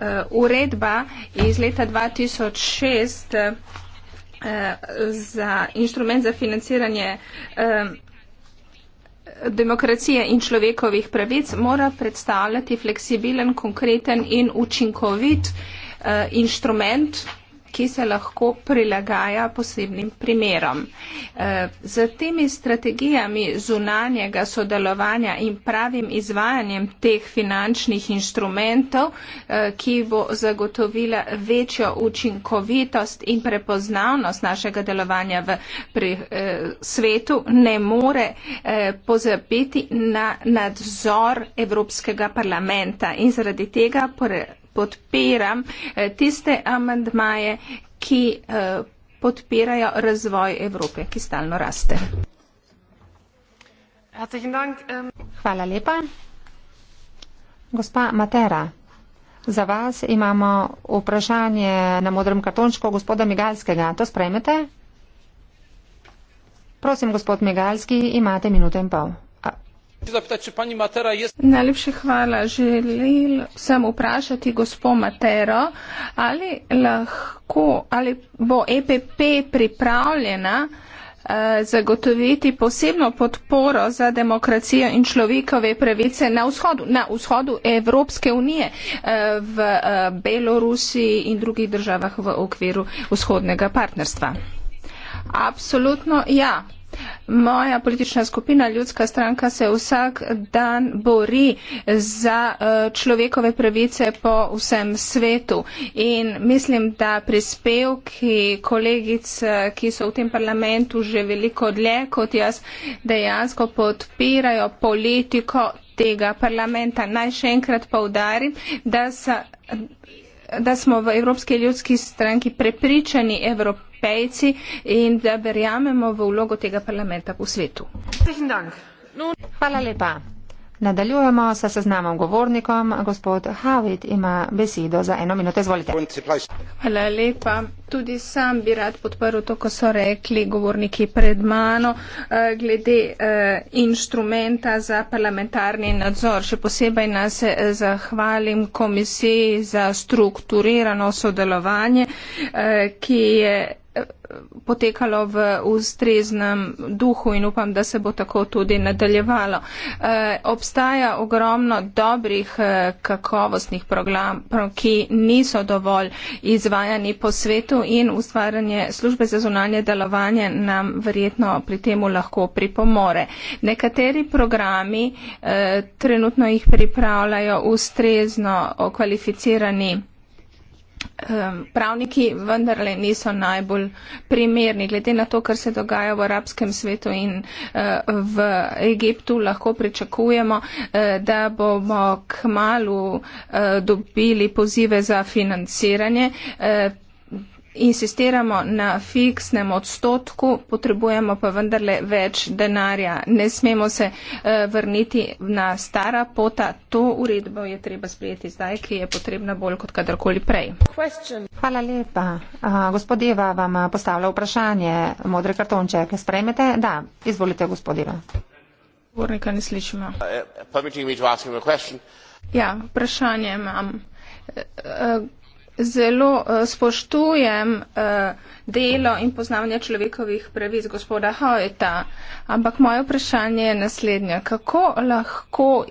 Eh, uredba iz leta 2006 eh, za inštrument za financiranje eh, demokracije in človekovih pravic mora predstavljati fleksibilen, konkreten in učinkovit inštrument ki se lahko prilagaja posebnim primerom. E, z temi strategijami zunanjega sodelovanja in pravim izvajanjem teh finančnih inštrumentov, e, ki bo zagotovila večjo učinkovitost in prepoznavnost našega delovanja v pri, eh, svetu, ne more eh, pozabiti na nadzor Evropskega parlamenta in zaradi tega pre, podpiram eh, tiste amandmaje, ki eh, podpirajo razvoj Evrope, ki stalno raste. Ähm. Hvala lepa. Gospa Matera, za vas imamo vprašanje na modrem kartončku gospoda Migalskega. To sprejmete? Prosim, gospod Migalski, imate minuto in pol zapytać, czy pani Matera jest... Najlepsze chwała, że sam upraszać gospo Matero, ale lahko, ale bo EPP pripravljena e, zagotoviti posebno podporo za demokracijo in človekove pravice na vzhodu, na vzhodu Evropske unije, e, v e, Belorusiji in drugih državah v okviru vzhodnega partnerstva. Absolutno ja. Moja politična skupina, ljudska stranka, se vsak dan bori za eh, človekove pravice po vsem svetu. In mislim, da prispevki kolegic, eh, ki so v tem parlamentu že veliko dlje kot jaz, dejansko podpirajo politiko tega parlamenta. Naj še enkrat povdarim, da, sa, da smo v Evropski ljudski stranki prepričani Evropi evropejci in da verjamemo v vlogo tega parlamenta v svetu. Hvala lepa. Nadaljujemo sa seznamom govornikom. Gospod Havit ima besedo za eno minuto. Izvolite. Hvala lepa. Tudi sam bi rad podprl to, ko so rekli govorniki pred mano, eh, glede eh, inštrumenta za parlamentarni nadzor. Še posebej nas eh, zahvalim komisiji za strukturirano sodelovanje, ki je potekalo v ustreznem duhu in upam, da se bo tako tudi nadaljevalo. E, obstaja ogromno dobrih e, kakovostnih programov, ki niso dovolj izvajani po svetu in ustvarjanje službe za zunanje delovanje nam verjetno pri temu lahko pripomore. Nekateri programi e, trenutno jih pripravljajo ustrezno okvalificirani um, pravniki vendarle niso najbolj primerni. Glede na to, kar se dogaja v arabskem svetu in uh, v Egiptu, lahko pričakujemo, uh, da bomo k malu uh, eh, dobili pozive za financiranje. Uh, insistiramo na fiksnem odstotku, potrebujemo pa vendarle več denarja. Ne smemo se eh, vrniti na stara pota. To uredbo je treba sprejeti zdaj, ki je potrebna bolj kot kadarkoli prej. Hvala lepa. Gospodeva vam eh, postavlja vprašanje. Modre kartonče, ki sprejmete? Da, izvolite, gospodeva. Govornika ne slišimo. Uh, ja, vprašanje imam. Eh, zelo uh, spoštujem uh, delo in poznavanje človekovih pravic gospoda Hojta, ampak moje vprašanje je naslednje. Kako lahko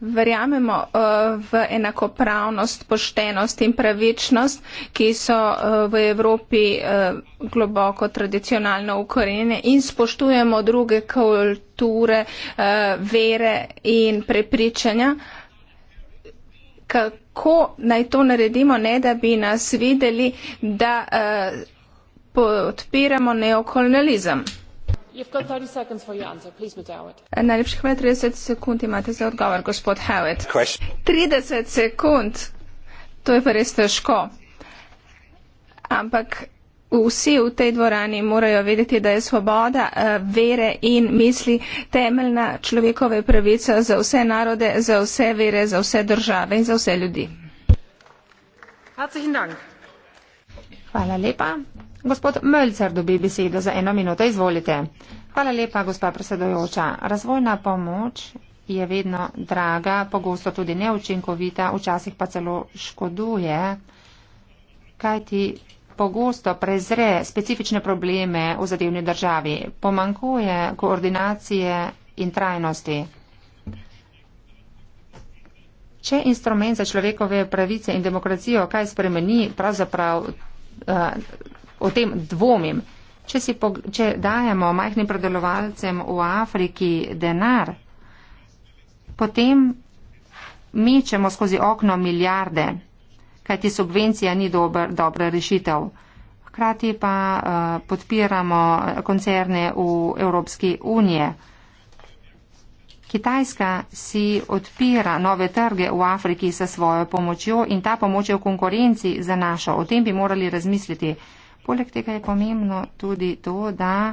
verjamemo uh, v enakopravnost, poštenost in pravičnost, ki so uh, v Evropi uh, globoko tradicionalno ukorenjene in spoštujemo druge kulture, uh, vere in prepričanja? Kako kako naj to naredimo, ne da bi nas videli, da uh, podpiramo neokolonializem. Eh, Najlepši hvala, 30 sekund imate za odgovor, gospod Howard. 30 sekund, to je pa res težko. Ampak Vsi v tej dvorani morajo vedeti, da je svoboda eh, vere in misli temeljna človekove pravica za vse narode, za vse vere, za vse države in za vse ljudi. Hvala lepa. Gospod Mölcer dobi besedo za eno minuto. Izvolite. Hvala lepa, gospa predsedojoča. Razvojna pomoč je vedno draga, pogosto tudi neučinkovita, včasih pa celo škoduje. Kaj ti pogosto prezre specifične probleme v zadevni državi. Pomankuje koordinacije in trajnosti. Če instrument za človekove pravice in demokracijo kaj spremeni, pravzaprav uh, o tem dvomim. Če, si, če dajemo majhnim predelovalcem v Afriki denar, potem mečemo skozi okno milijarde kajti subvencija ni dober, dobra rešitev. Hkrati pa eh, podpiramo koncerne v Evropski uniji. Kitajska si odpira nove trge v Afriki sa svojo pomočjo in ta pomoč je v konkurenci za našo. O tem bi morali razmisliti. Poleg tega je pomembno tudi to, da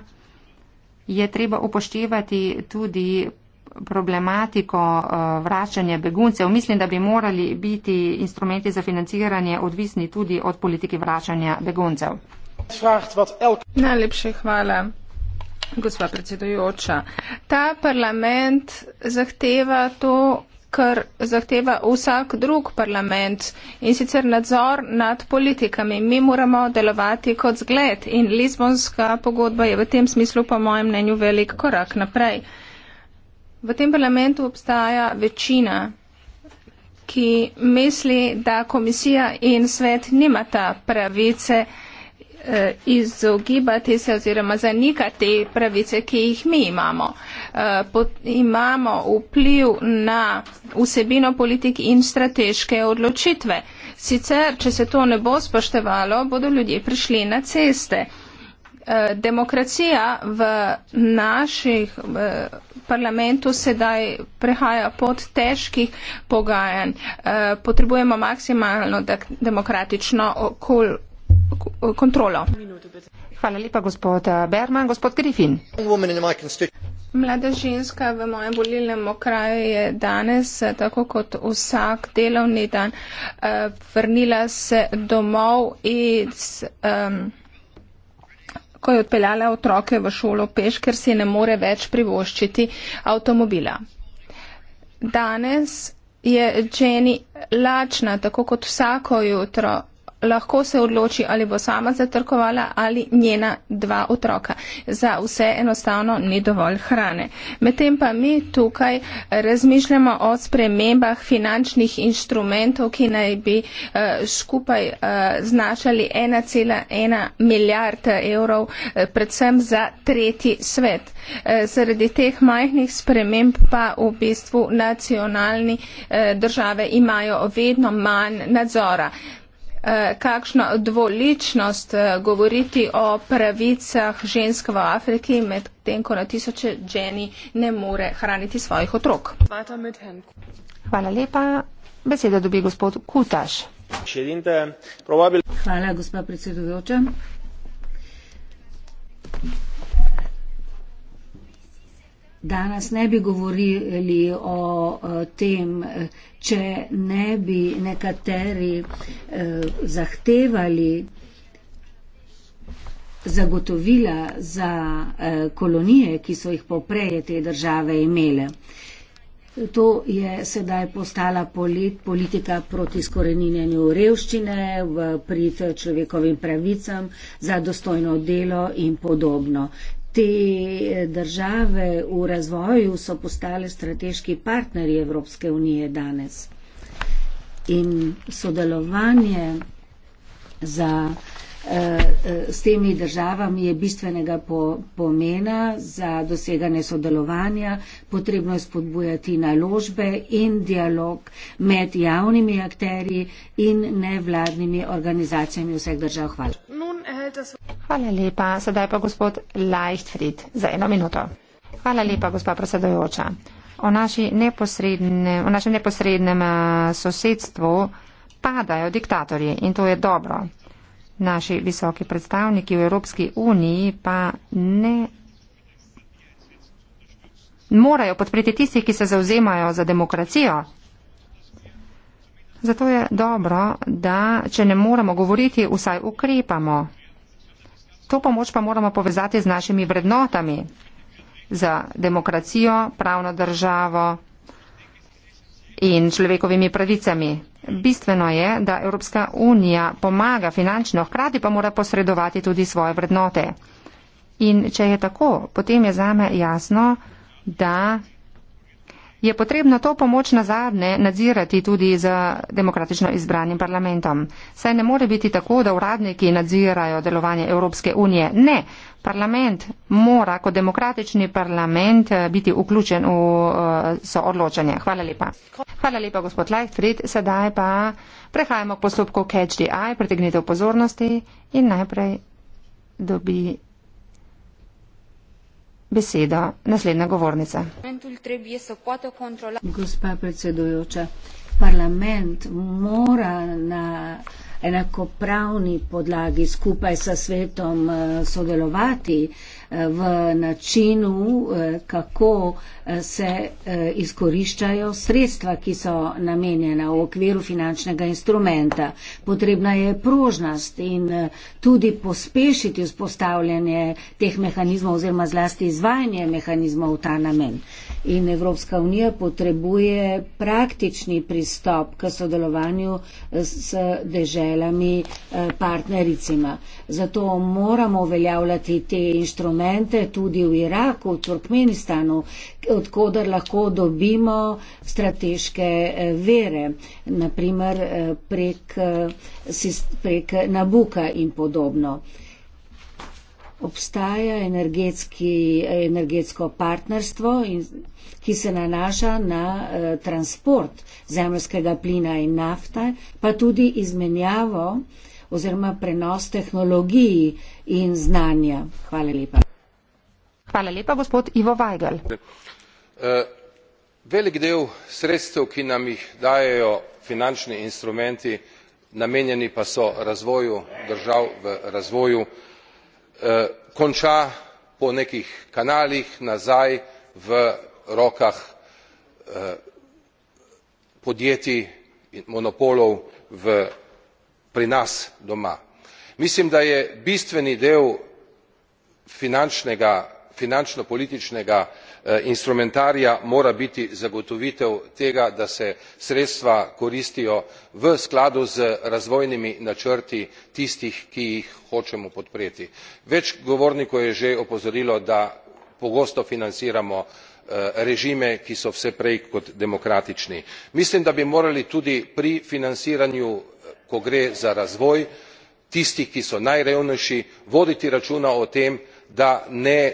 je treba upoštevati tudi problematiko eh, vračanja beguncev. Mislim, da bi morali biti instrumenti za financiranje odvisni tudi od politike vračanja beguncev. Najlepše hvala, gospa predsedujoča. Ta parlament zahteva to, kar zahteva vsak drug parlament in sicer nadzor nad politikami. Mi moramo delovati kot zgled in Lizbonska pogodba je v tem smislu, po mojem mnenju, velik korak naprej v tem parlamentu obstaja večina, ki misli, da komisija in svet nimata pravice eh, izogibati se oziroma zanikati pravice, ki jih mi imamo. Eh, imamo vpliv na vsebino politik in strateške odločitve. Sicer, če se to ne bo spoštevalo, bodo ljudje prišli na ceste. Eh, demokracija v naših eh, parlamentu sedaj prehaja pod težkih pogajanj. Eh, potrebujemo maksimalno demokratično okol kontrolo. Hvala lepa, gospod Berman. Gospod Griffin. Mlada ženska v mojem volilnem okraju je danes, tako kot vsak delovni dan, vrnila se domov iz. Um, ko je odpeljala otroke v šolo peš, ker si ne more več privoščiti avtomobila. Danes je Jenny lačna, tako kot vsako jutro, lahko se odloči, ali bo sama zatrkovala ali njena dva otroka. Za vse enostavno ni dovolj hrane. Medtem pa mi tukaj razmišljamo o spremembah finančnih inštrumentov, ki naj bi eh, skupaj eh, znašali 1,1 milijard evrov, eh, predvsem za tretji svet. Zaradi teh majhnih sprememb pa v bistvu nacionalni države imajo vedno manj nadzora. Eh, kakšno dvoličnost eh, govoriti o pravicah žensk v Afriki, medtem ko na tisoče ženi ne more hraniti svojih otrok. Hvala lepa. Besedo dobi gospod Kutaš. Hvala, gospa predsedujoča danes ne bi govorili o tem, če ne bi nekateri eh, zahtevali zagotovila za eh, kolonije, ki so jih popreje te države imele. To je sedaj postala politika proti skoreninjenju revščine, prit človekovim pravicam za dostojno delo in podobno. Te države v razvoju so postale strateški partnerji Evropske unije danes. In sodelovanje za Eh, eh, s temi državami je bistvenega pomena za doseganje sodelovanja. Potrebno je spodbujati naložbe in dialog med javnimi akteri in nevladnimi organizacijami vseh držav. Hvala. Eh, Hvala lepa. Sedaj pa gospod Leichtfried za eno minuto. Hvala lepa, gospa predsedojoča. O, o našem neposrednem sosedstvu padajo diktatorji in to je dobro. Naši visoki predstavniki v Evropski uniji pa ne morajo podpreti tisti, ki se zauzemajo za demokracijo. Zato je dobro, da če ne moremo govoriti, vsaj ukrepamo. To pomoč pa moramo povezati z našimi vrednotami, za demokracijo, pravno državo in človekovimi pravicami. Bistveno je, da Evropska unija pomaga finančno, hkrati pa mora posredovati tudi svoje vrednote. In če je tako, potem je zame jasno, da je potrebno to pomoč na zadnje nadzirati tudi z demokratično izbranim parlamentom. Saj ne more biti tako, da uradniki nadzirajo delovanje Evropske unije. Ne, parlament mora kot demokratični parlament eh, biti vključen v eh, soodločanje. Hvala lepa. Hvala lepa, gospod Leichtfried. Sedaj pa prehajamo k postopku CatchDI, pritegnitev pozornosti in najprej dobi besedo naslednja govornica. Gospa predsedujoča, parlament mora na enakopravni podlagi skupaj sa svetom eh, sodelovati eh, v načinu, eh, kako se izkoriščajo sredstva, ki so namenjena v okviru finančnega instrumenta. Potrebna je prožnost in tudi pospešiti vzpostavljanje teh mehanizmov oziroma zlasti izvajanje mehanizmov v ta namen in Evropska unija potrebuje praktični pristop k sodelovanju s deželami eh, partnericima. Zato moramo uveljavljati te inštrumente tudi v Iraku, v Turkmenistanu, odkudar lahko dobimo strateške eh, vere, naprimer eh, prek, prek Nabuka in podobno obstaja energetsko partnerstvo, in, ki se nanaša na eh, transport zemljskega plina in nafte, pa tudi izmenjavo oziroma prenos tehnologij in znanja. Hvala lepa. Hvala lepa, gospod Ivo Weigel. Eh, velik del sredstev, ki nam jih dajejo finančni instrumenti, namenjeni pa so razvoju držav v razvoju, Eh, konča po nekih kanalih nazaj v rokah eh, podjetij monopolov pri nas doma. mislim da je bistveni del finančno političnega Eh, instrumentarija mora biti zagotovitev tega da se sredstva koristijo v skladu z razvojnimi načrti tistih ki jih hočemo podpreti. več govornikov je že opozorilo da pogosto financiramo eh, režime ki so vse prej kot demokratični. mislim da bi morali tudi pri financiranju eh, ko gre za razvoj tistih ki so najrevnejši voditi računa o tem da ne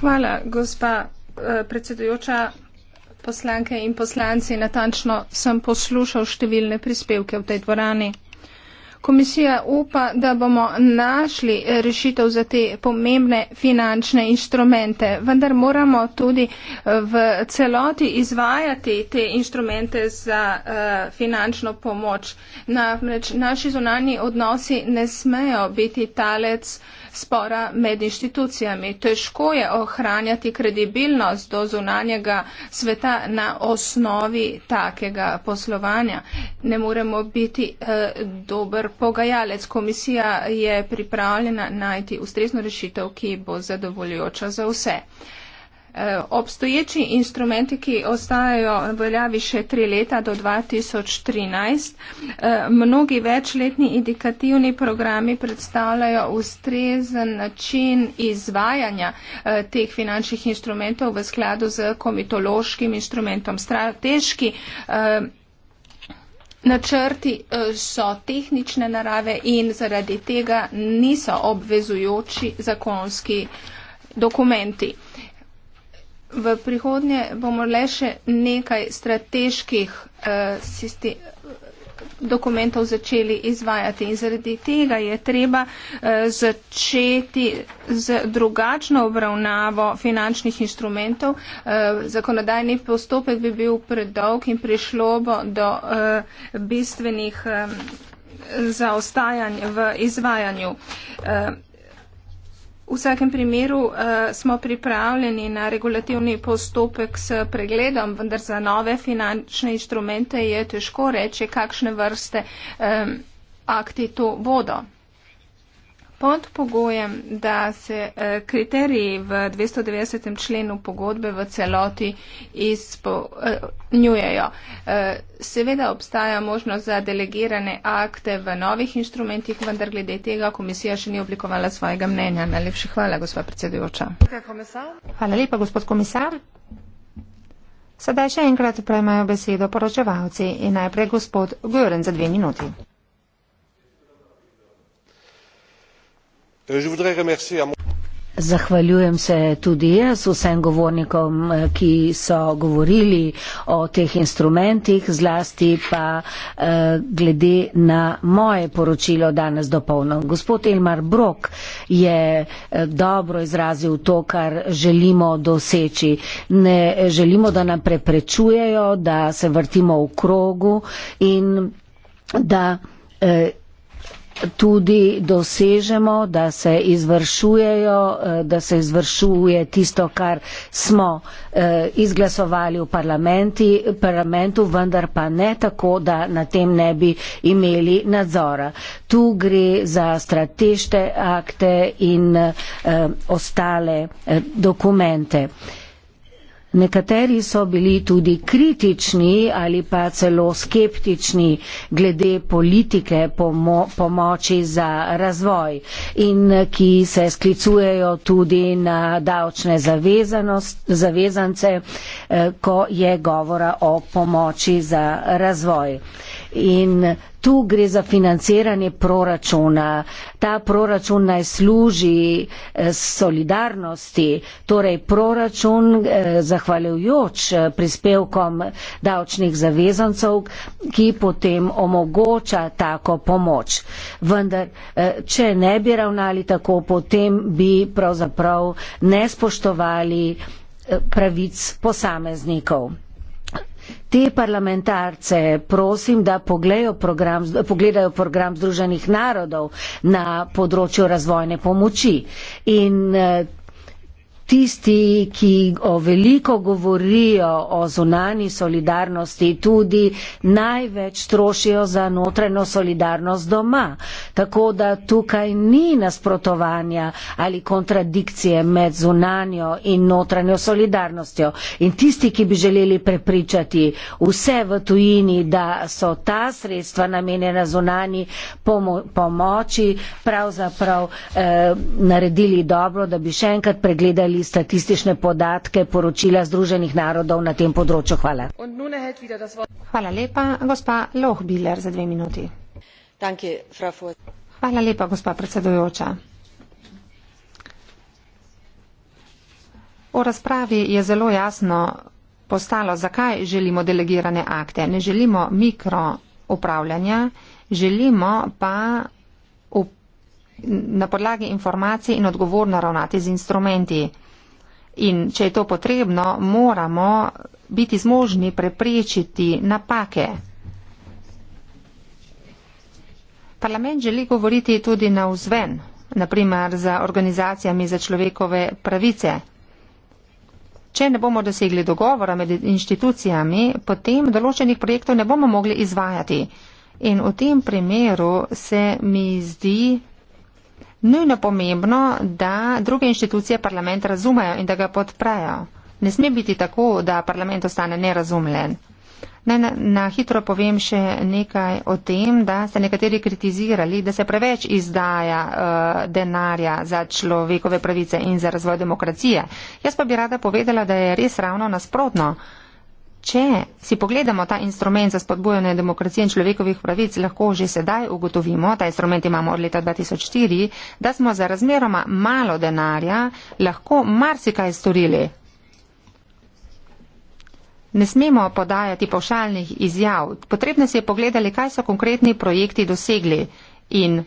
Hvala, gospa eh, predsedujoča, poslanke in poslanci. Natančno sem poslušal številne prispevke v tej dvorani. Komisija upa, da bomo našli eh, rešitev za te pomembne finančne inštrumente, vendar moramo tudi eh, v celoti izvajati te inštrumente za finančno pomoč. Namreč naši zunani odnosi ne smejo biti talec spora med inštitucijami. Težko je ohranjati kredibilnost do zunanjega sveta na osnovi takega poslovanja. Ne moremo biti eh, dober pogajalec. Komisija je pripravljena najti ustrezno rešitev, ki bo zadovoljujoča za vse. Eh, obstoječi instrumenti, ki ostajajo v veljavi še tri leta do 2013, eh, mnogi večletni indikativni programi predstavljajo ustrezen način izvajanja eh, teh finančnih instrumentov v skladu z komitološkim instrumentom. Strateški načrti so tehnične narave in zaradi tega niso obvezujoči zakonski dokumenti v prihodnje bomo le še nekaj strateških uh, eh, sistem, dokumentov začeli izvajati in zaradi tega je treba uh, začeti z drugačno obravnavo finančnih instrumentov. Uh, zakonodajni postopek bi bil predolg in prišlo bo do uh, bistvenih um, zaostajanj v izvajanju. Uh, V vsakem primeru uh, smo pripravljeni na regulativni postopek s pregledom, vendar za nove finančne inštrumente je težko reči, kakšne vrste um, akti to bodo pod pogojem, da se eh, kriteriji v 290. členu pogodbe v celoti izpolnjujejo. Eh, seveda obstaja možnost za delegirane akte v novih instrumentih, vendar glede tega komisija še ni oblikovala svojega mnenja. Najlepši hvala, gospa predsedujoča. Hvala lepa, gospod komisar. Sedaj še enkrat prejmajo besedo poročevalci in najprej gospod Gören za dve minuti. Euh, Zahvaljujem se tudi jaz vsem govornikom, eh, ki so govorili o teh instrumentih, zlasti pa eh, glede na moje poročilo danes dopolno. Gospod Elmar Brok je eh, dobro izrazil to, kar želimo doseči. Ne želimo, da nam preprečujejo, da se vrtimo v krogu in da tudi dosežemo, da se izvršujejo, eh, da se izvršuje tisto, kar smo eh, izglasovali v parlamentu, vendar pa ne tako, da na tem ne bi imeli nadzora. Tu gre za strateške akte in eh, ostale dokumente. Nekateri so bili tudi kritični ali pa celo skeptični glede politike pomo pomoči za razvoj in ki se sklicujejo tudi na davčne zavezance, eh, ko je govora o pomoči za razvoj. In tu gre za financiranje proračuna. Ta proračun naj služi eh, solidarnosti, torej proračun eh, zahvaljujoč eh, prispevkom davčnih zavezancov, ki potem omogoča tako pomoč. Vendar, če ne bi ravnali tako, potem bi pravzaprav ne spoštovali pravic posameznikov te parlamentarce prosim, da program, pogledajo program Združenih narodov na področju razvojne pomoči. In, eh, tisti, ki o veliko govorijo o zunani solidarnosti, tudi največ trošijo za notreno solidarnost doma. Tako da tukaj ni nasprotovanja ali kontradikcije med zunanjo in notranjo solidarnostjo. In tisti, ki bi želeli prepričati vse v tujini, da so ta sredstva namenjena zunani pomo pomoči, pravzaprav eh, naredili dobro, da bi še enkrat pregledali objavili statistične podatke poročila Združenih narodov na tem področju. Hvala. Hvala lepa, gospa Lohbiler, za dve minuti. Hvala lepa, gospa predsedujoča. V razpravi je zelo jasno postalo, zakaj želimo delegirane akte. Ne želimo mikro upravljanja, želimo pa na podlagi informacij in odgovorno ravnati z instrumenti. In če je to potrebno, moramo biti zmožni preprečiti napake. Parlament želi govoriti tudi na vzven, naprimer za organizacijami za človekove pravice. Če ne bomo dosegli dogovora med inštitucijami, potem določenih projektov ne bomo mogli izvajati. In v tem primeru se mi zdi, Nujno pomembno, da druge inštitucije parlament razumejo in da ga podprejo. Ne sme biti tako, da parlament ostane nerazumljen. Naj na, na hitro povem še nekaj o tem, da ste nekateri kritizirali, da se preveč izdaja uh, denarja za človekove pravice in za razvoj demokracije. Jaz pa bi rada povedala, da je res ravno nasprotno. Če si pogledamo ta instrument za spodbujanje demokracije in človekovih pravic, lahko že sedaj ugotovimo, ta instrument imamo od leta 2004, da smo za razmeroma malo denarja lahko marsikaj storili. Ne smemo podajati pavšalnih izjav. Potrebno si je pogledati, kaj so konkretni projekti dosegli. In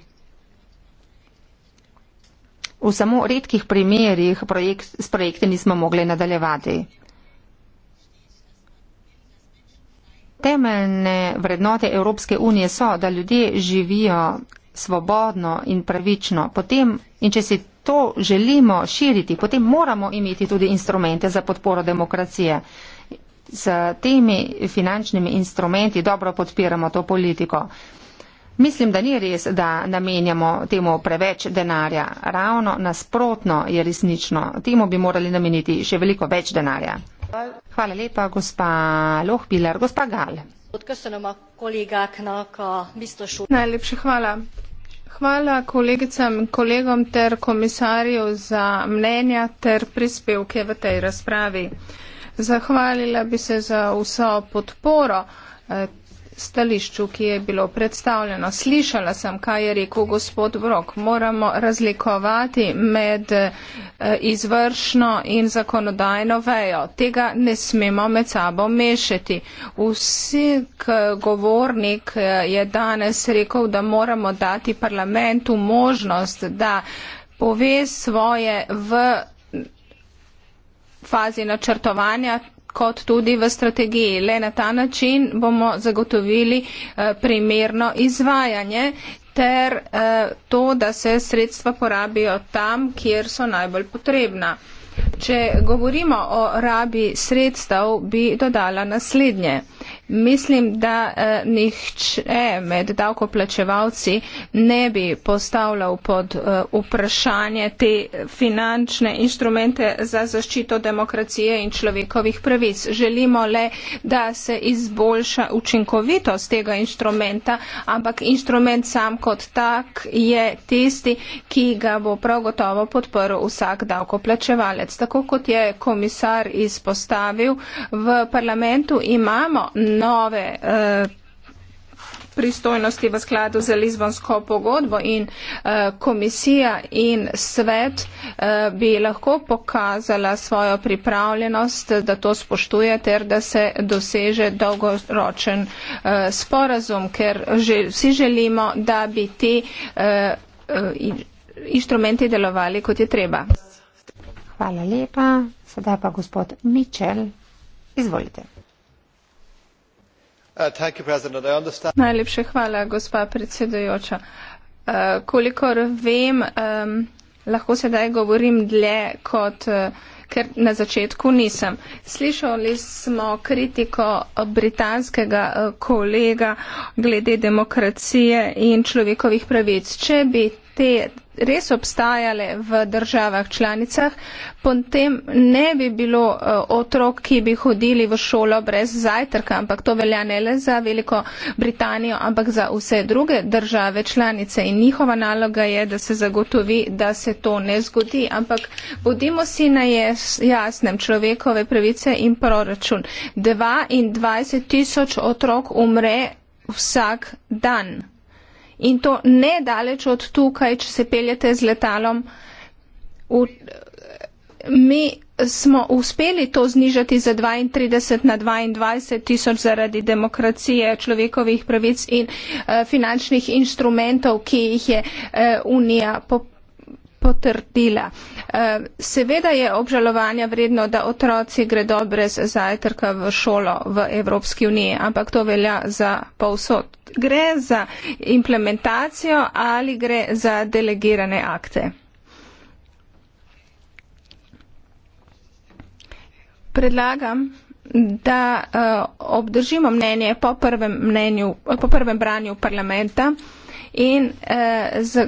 v samo redkih primerjih projekt, s projekti nismo mogli nadaljevati. Temeljne vrednote Evropske unije so, da ljudje živijo svobodno in pravično. Potem, in če si to želimo širiti, potem moramo imeti tudi instrumente za podporo demokracije. S temi finančnimi instrumenti dobro podpiramo to politiko. Mislim, da ni res, da namenjamo temu preveč denarja. Ravno nasprotno je resnično. Temu bi morali nameniti še veliko več denarja. Hvala lepa, gospa Lohbiler. Gospa Gal. Najlepša hvala. Hvala kolegicam, kolegom ter komisarju za mnenja ter prispevke v tej razpravi. Zahvalila bi se za vso podporo eh, stališču, ki je bilo predstavljeno. Slišala sem, kaj je rekel gospod Vrok. Moramo razlikovati med eh, izvršno in zakonodajno vejo. Tega ne smemo med sabo mešati. Vsi govornik eh, je danes rekel, da moramo dati parlamentu možnost, da pove svoje v fazi načrtovanja kot tudi v strategiji. Le na ta način bomo zagotovili eh, primerno izvajanje ter eh, to, da se sredstva porabijo tam, kjer so najbolj potrebna. Če govorimo o rabi sredstev, bi dodala naslednje. Mislim, da eh, nihče med davkoplačevalci ne bi postavljal pod eh, vprašanje te finančne inštrumente za zaščito demokracije in človekovih pravic. Želimo le, da se izboljša učinkovitost tega inštrumenta, ampak inštrument sam kot tak je tisti, ki ga bo prav gotovo podprl vsak davkoplačevalec. Tako kot je komisar izpostavil, v parlamentu imamo nove eh, pristojnosti v skladu z Lizbonsko pogodbo in uh, komisija in svet uh, bi lahko pokazala svojo pripravljenost, da to spoštuje ter da se doseže dolgoročen uh, sporazum, ker žel, vsi želimo, da bi ti uh, uh, inštrumenti delovali, kot je treba. Hvala lepa. Sedaj pa gospod Mičel. Izvolite. Uh, Najlepša hvala, gospa predsedujoča. Uh, kolikor vem, um, lahko sedaj govorim dlje, kot uh, ker na začetku nisem. Slišali smo kritiko britanskega kolega glede demokracije in človekovih pravic. Če bi te res obstajale v državah članicah, potem ne bi bilo eh, otrok, ki bi hodili v šolo brez zajtrka, ampak to velja ne le za Veliko Britanijo, ampak za vse druge države članice in njihova naloga je, da se zagotovi, da se to ne zgodi. Ampak bodimo si na jasnem človekove pravice in proračun. 22 tisoč otrok umre vsak dan in to nedaleč od tukaj, če se peljete z letalom. V, mi smo uspeli to znižati za 32 na 22 tisoč zaradi demokracije, človekovih pravic in uh, finančnih instrumentov, ki jih je uh, Unija popravila potrdila. Eh, seveda je obžalovanja vredno, da otroci gredo brez zajtrka v šolo v Evropski uniji, ampak to velja za povsod. Gre za implementacijo ali gre za delegirane akte? Predlagam, da uh, obdržimo mnenje po prvem, mnenju, po prvem branju parlamenta in uh, eh, z,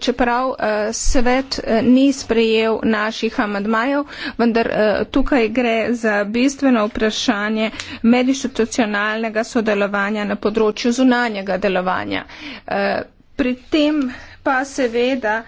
čeprav eh, svet eh, ni sprejel naših amadmajev, vendar eh, tukaj gre za bistveno vprašanje medinstitucionalnega sodelovanja na področju zunanjega delovanja. Pri tem pa seveda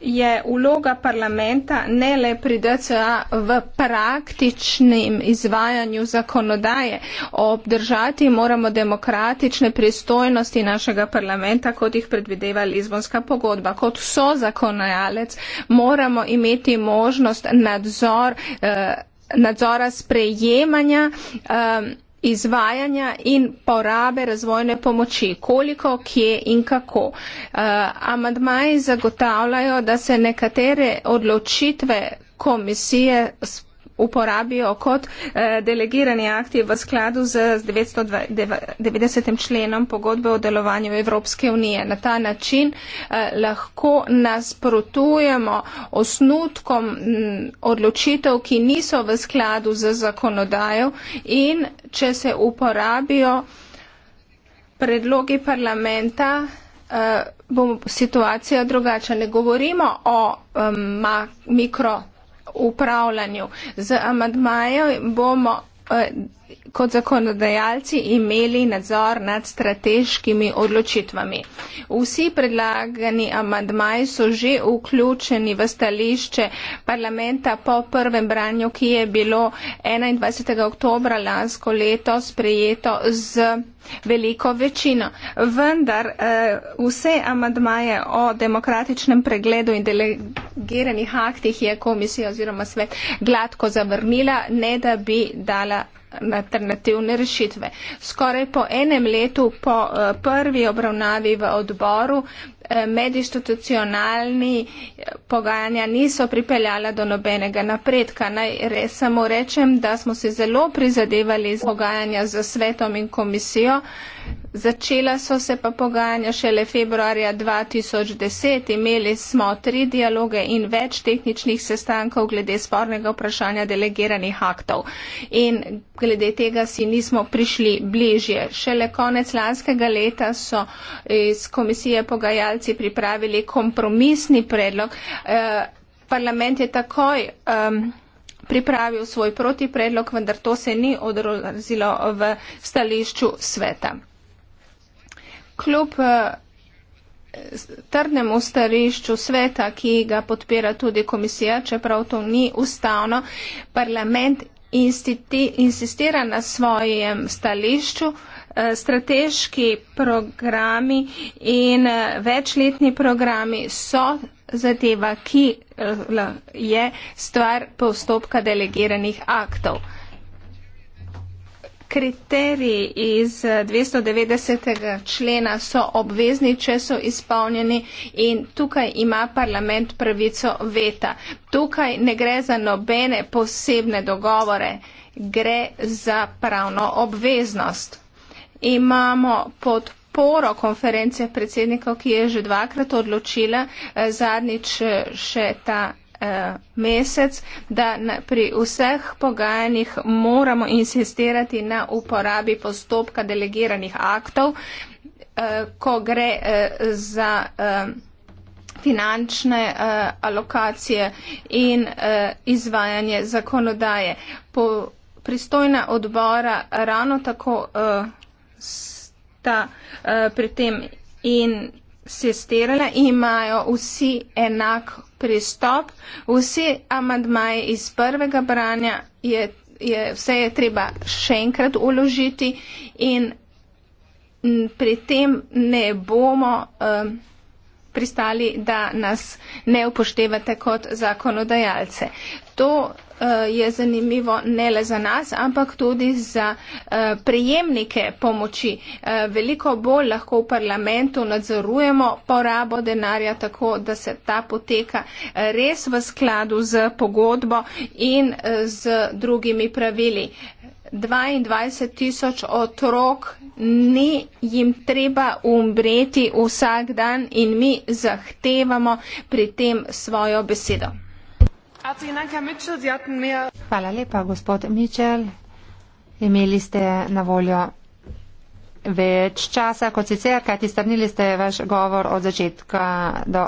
je vloga parlamenta ne le pri DCA v praktičnem izvajanju zakonodaje. Obdržati moramo demokratične pristojnosti našega parlamenta, kot jih predvideva Lizbonska pogodba. Kot so zakonajalec moramo imeti možnost nadzor, eh, nadzora sprejemanja. Eh, izvajanja in porabe razvojne pomoči, koliko, kje in kako. Uh, amandmaji zagotavljajo, da se nekatere odločitve komisije spremljajo uporabijo kot eh, delegirani akti v skladu z 990. členom pogodbe o delovanju Evropske unije. Na ta način eh, lahko nasprotujemo osnutkom mm, odločitev, ki niso v skladu z zakonodajo in če se uporabijo predlogi parlamenta, eh, bo situacija drugačna. Ne govorimo o um, mikro upravljanju. Z amadmajo bomo eh, kot zakonodajalci imeli nadzor nad strateškimi odločitvami. Vsi predlagani amadmaji so že vključeni v stališče parlamenta po prvem branju, ki je bilo 21. oktobra lansko leto sprejeto z veliko večino. Vendar eh, vse amadmaje o demokratičnem pregledu in delegiranih aktih je komisija oziroma svet gladko zavrnila, ne da bi dala alternativne rešitve. Skoraj po enem letu po eh, prvi obravnavi v odboru Eh, medinstitucionalni eh, pogajanja niso pripeljala do nobenega napredka. Naj res samo rečem, da smo si zelo prizadevali za pogajanja z svetom in komisijo. Začela so se pa pogajanja šele februarja 2010. Imeli smo tri dialoge in več tehničnih sestankov glede spornega vprašanja delegiranih aktov. In glede tega si nismo prišli bližje. Šele konec lanskega leta so iz komisije pogajalci poslanci pripravili kompromisni predlog. Eh, parlament je takoj um, pripravil svoj protipredlog, vendar to se ni odrazilo v stališču sveta. Kljub eh, trdnemu stališču sveta, ki ga podpira tudi komisija, čeprav to ni ustavno, parlament insistira na svojem stališču, uh, Eh, strateški programi in eh, večletni programi so zadeva, ki eh, je stvar postopka delegiranih aktov. Kriteriji iz 290. člena so obvezni, če so izpolnjeni in tukaj ima parlament pravico veta. Tukaj ne gre za nobene posebne dogovore, gre za pravno obveznost imamo pod poro konference predsednikov, ki je že dvakrat odločila eh, zadnjič eh, še ta eh, mesec, da pri vseh pogajanjih moramo insistirati na uporabi postopka delegiranih aktov, ko gre za finančne alokacije in izvajanje zakonodaje. Pristojna odbora ravno tako sta uh, pri tem in sesterele, imajo vsi enak pristop. Vsi amadmaji iz prvega branja je, je vse je treba še enkrat uložiti in m, pri tem ne bomo um, pristali, da nas ne upoštevate kot zakonodajalce. To Eh, je zanimivo ne le za nas, ampak tudi za eh, prejemnike pomoči. Eh, veliko bolj lahko v parlamentu nadzorujemo porabo denarja tako, da se ta poteka res v skladu z pogodbo in z drugimi pravili. 22 tisoč otrok ni jim treba umreti vsak dan in mi zahtevamo pri tem svojo besedo. Hvala lepa, gospod Mičel. Imeli ste na voljo več časa kot sicer, kajti strnili ste vaš govor od začetka do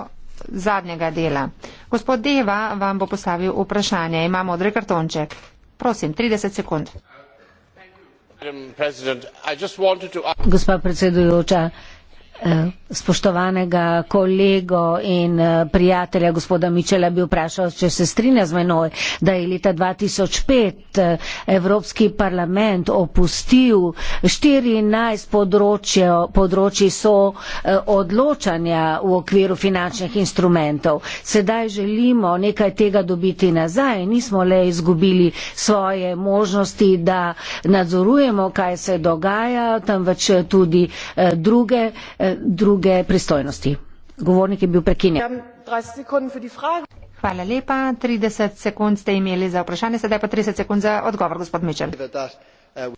zadnjega dela. Gospod Deva vam bo postavil vprašanje. Ima modri kartonček. Prosim, 30 sekund. Gospa predsedujoča, Eh, spoštovanega kolego in eh, prijatelja gospoda Mičela bi vprašal, če se strinja z menoj, da je leta 2005 eh, Evropski parlament opustil 14 področje, področji so odločanja v okviru finančnih instrumentov. Sedaj želimo nekaj tega dobiti nazaj, nismo le izgubili svoje možnosti, da nadzorujemo, kaj se dogaja, temveč tudi druge druge pristojnosti. Govornik je bil prekinjen. Hvala lepa. 30 sekund ste imeli za vprašanje, sedaj pa 30 sekund za odgovor, gospod Mičel.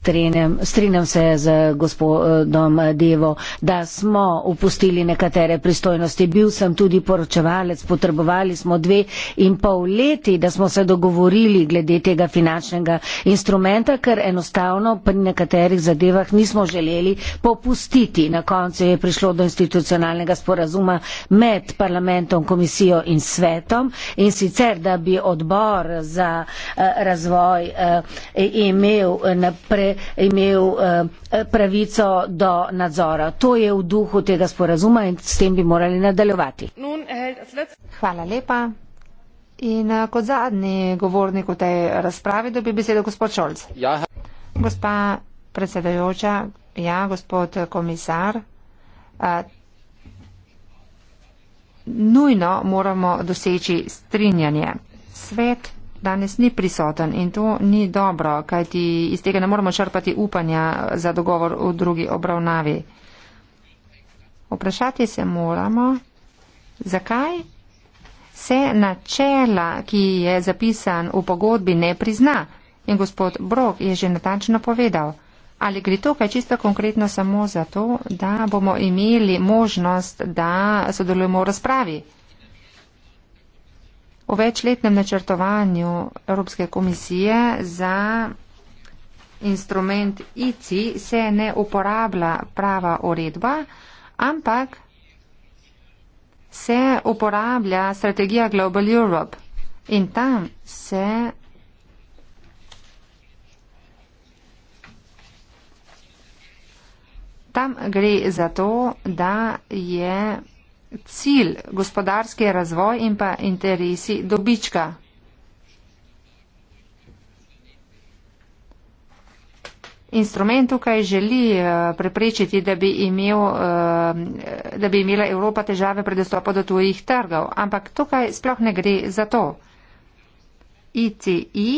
Trenem, strinjam se z gospodom Devo, da smo upustili nekatere pristojnosti. Bil sem tudi poročevalec, potrebovali smo dve in pol leti, da smo se dogovorili glede tega finančnega instrumenta, ker enostavno pri nekaterih zadevah nismo želeli popustiti. Na koncu je prišlo do institucionalnega sporazuma med parlamentom, komisijo in svetom in sicer, da bi odbor za eh, razvoj eh, imel napredek eh, pre, imel eh, pravico do nadzora. To je v duhu tega sporazuma in s tem bi morali nadaljevati. Eh, Hvala lepa. In eh, kot zadnji govornik v tej razpravi dobi besedo gospod Šolc. Ja. Gospa predsedajoča, ja, gospod komisar. A, eh, nujno moramo doseči strinjanje. Svet danes ni prisoten in to ni dobro, kajti iz tega ne moremo črpati upanja za dogovor v drugi obravnavi. Vprašati se moramo, zakaj se načela, ki je zapisan v pogodbi, ne prizna. In gospod Brok je že natančno povedal, ali gre tukaj čisto konkretno samo za to, da bomo imeli možnost, da sodelujemo v razpravi. O večletnem načrtovanju Evropske komisije za instrument ICI se ne uporablja prava uredba, ampak se uporablja strategija Global Europe in tam se tam gre za to, da je cilj gospodarski razvoj in pa interesi dobička. Instrument tukaj želi eh, preprečiti, da bi, imel, eh, da bi imela Evropa težave pri dostopu do tujih trgov, ampak tukaj sploh ne gre za to. ICI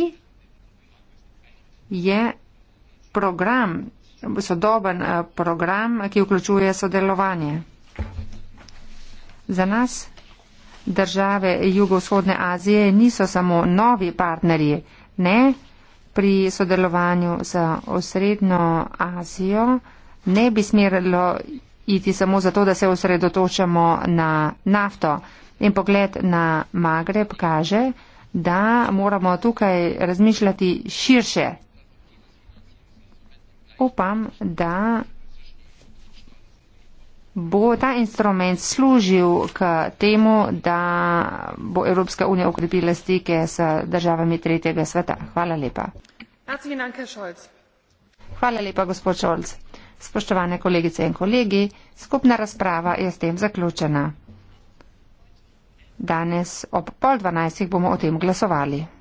je program, sodoben eh, program, ki vključuje sodelovanje. Za nas države jugovzhodne Azije niso samo novi partnerji, ne, pri sodelovanju za osrednjo Azijo ne bi smerilo iti samo zato, da se osredotočamo na nafto. In pogled na Magreb kaže, da moramo tukaj razmišljati širše. Upam, da bo ta instrument služil k temu, da bo Evropska unija ukrepila stike s državami tretjega sveta. Hvala lepa. Hvala lepa, gospod Šolc. Spoštovane kolegice in kolegi, skupna razprava je s tem zaključena. Danes ob pol dvanajstih bomo o tem glasovali.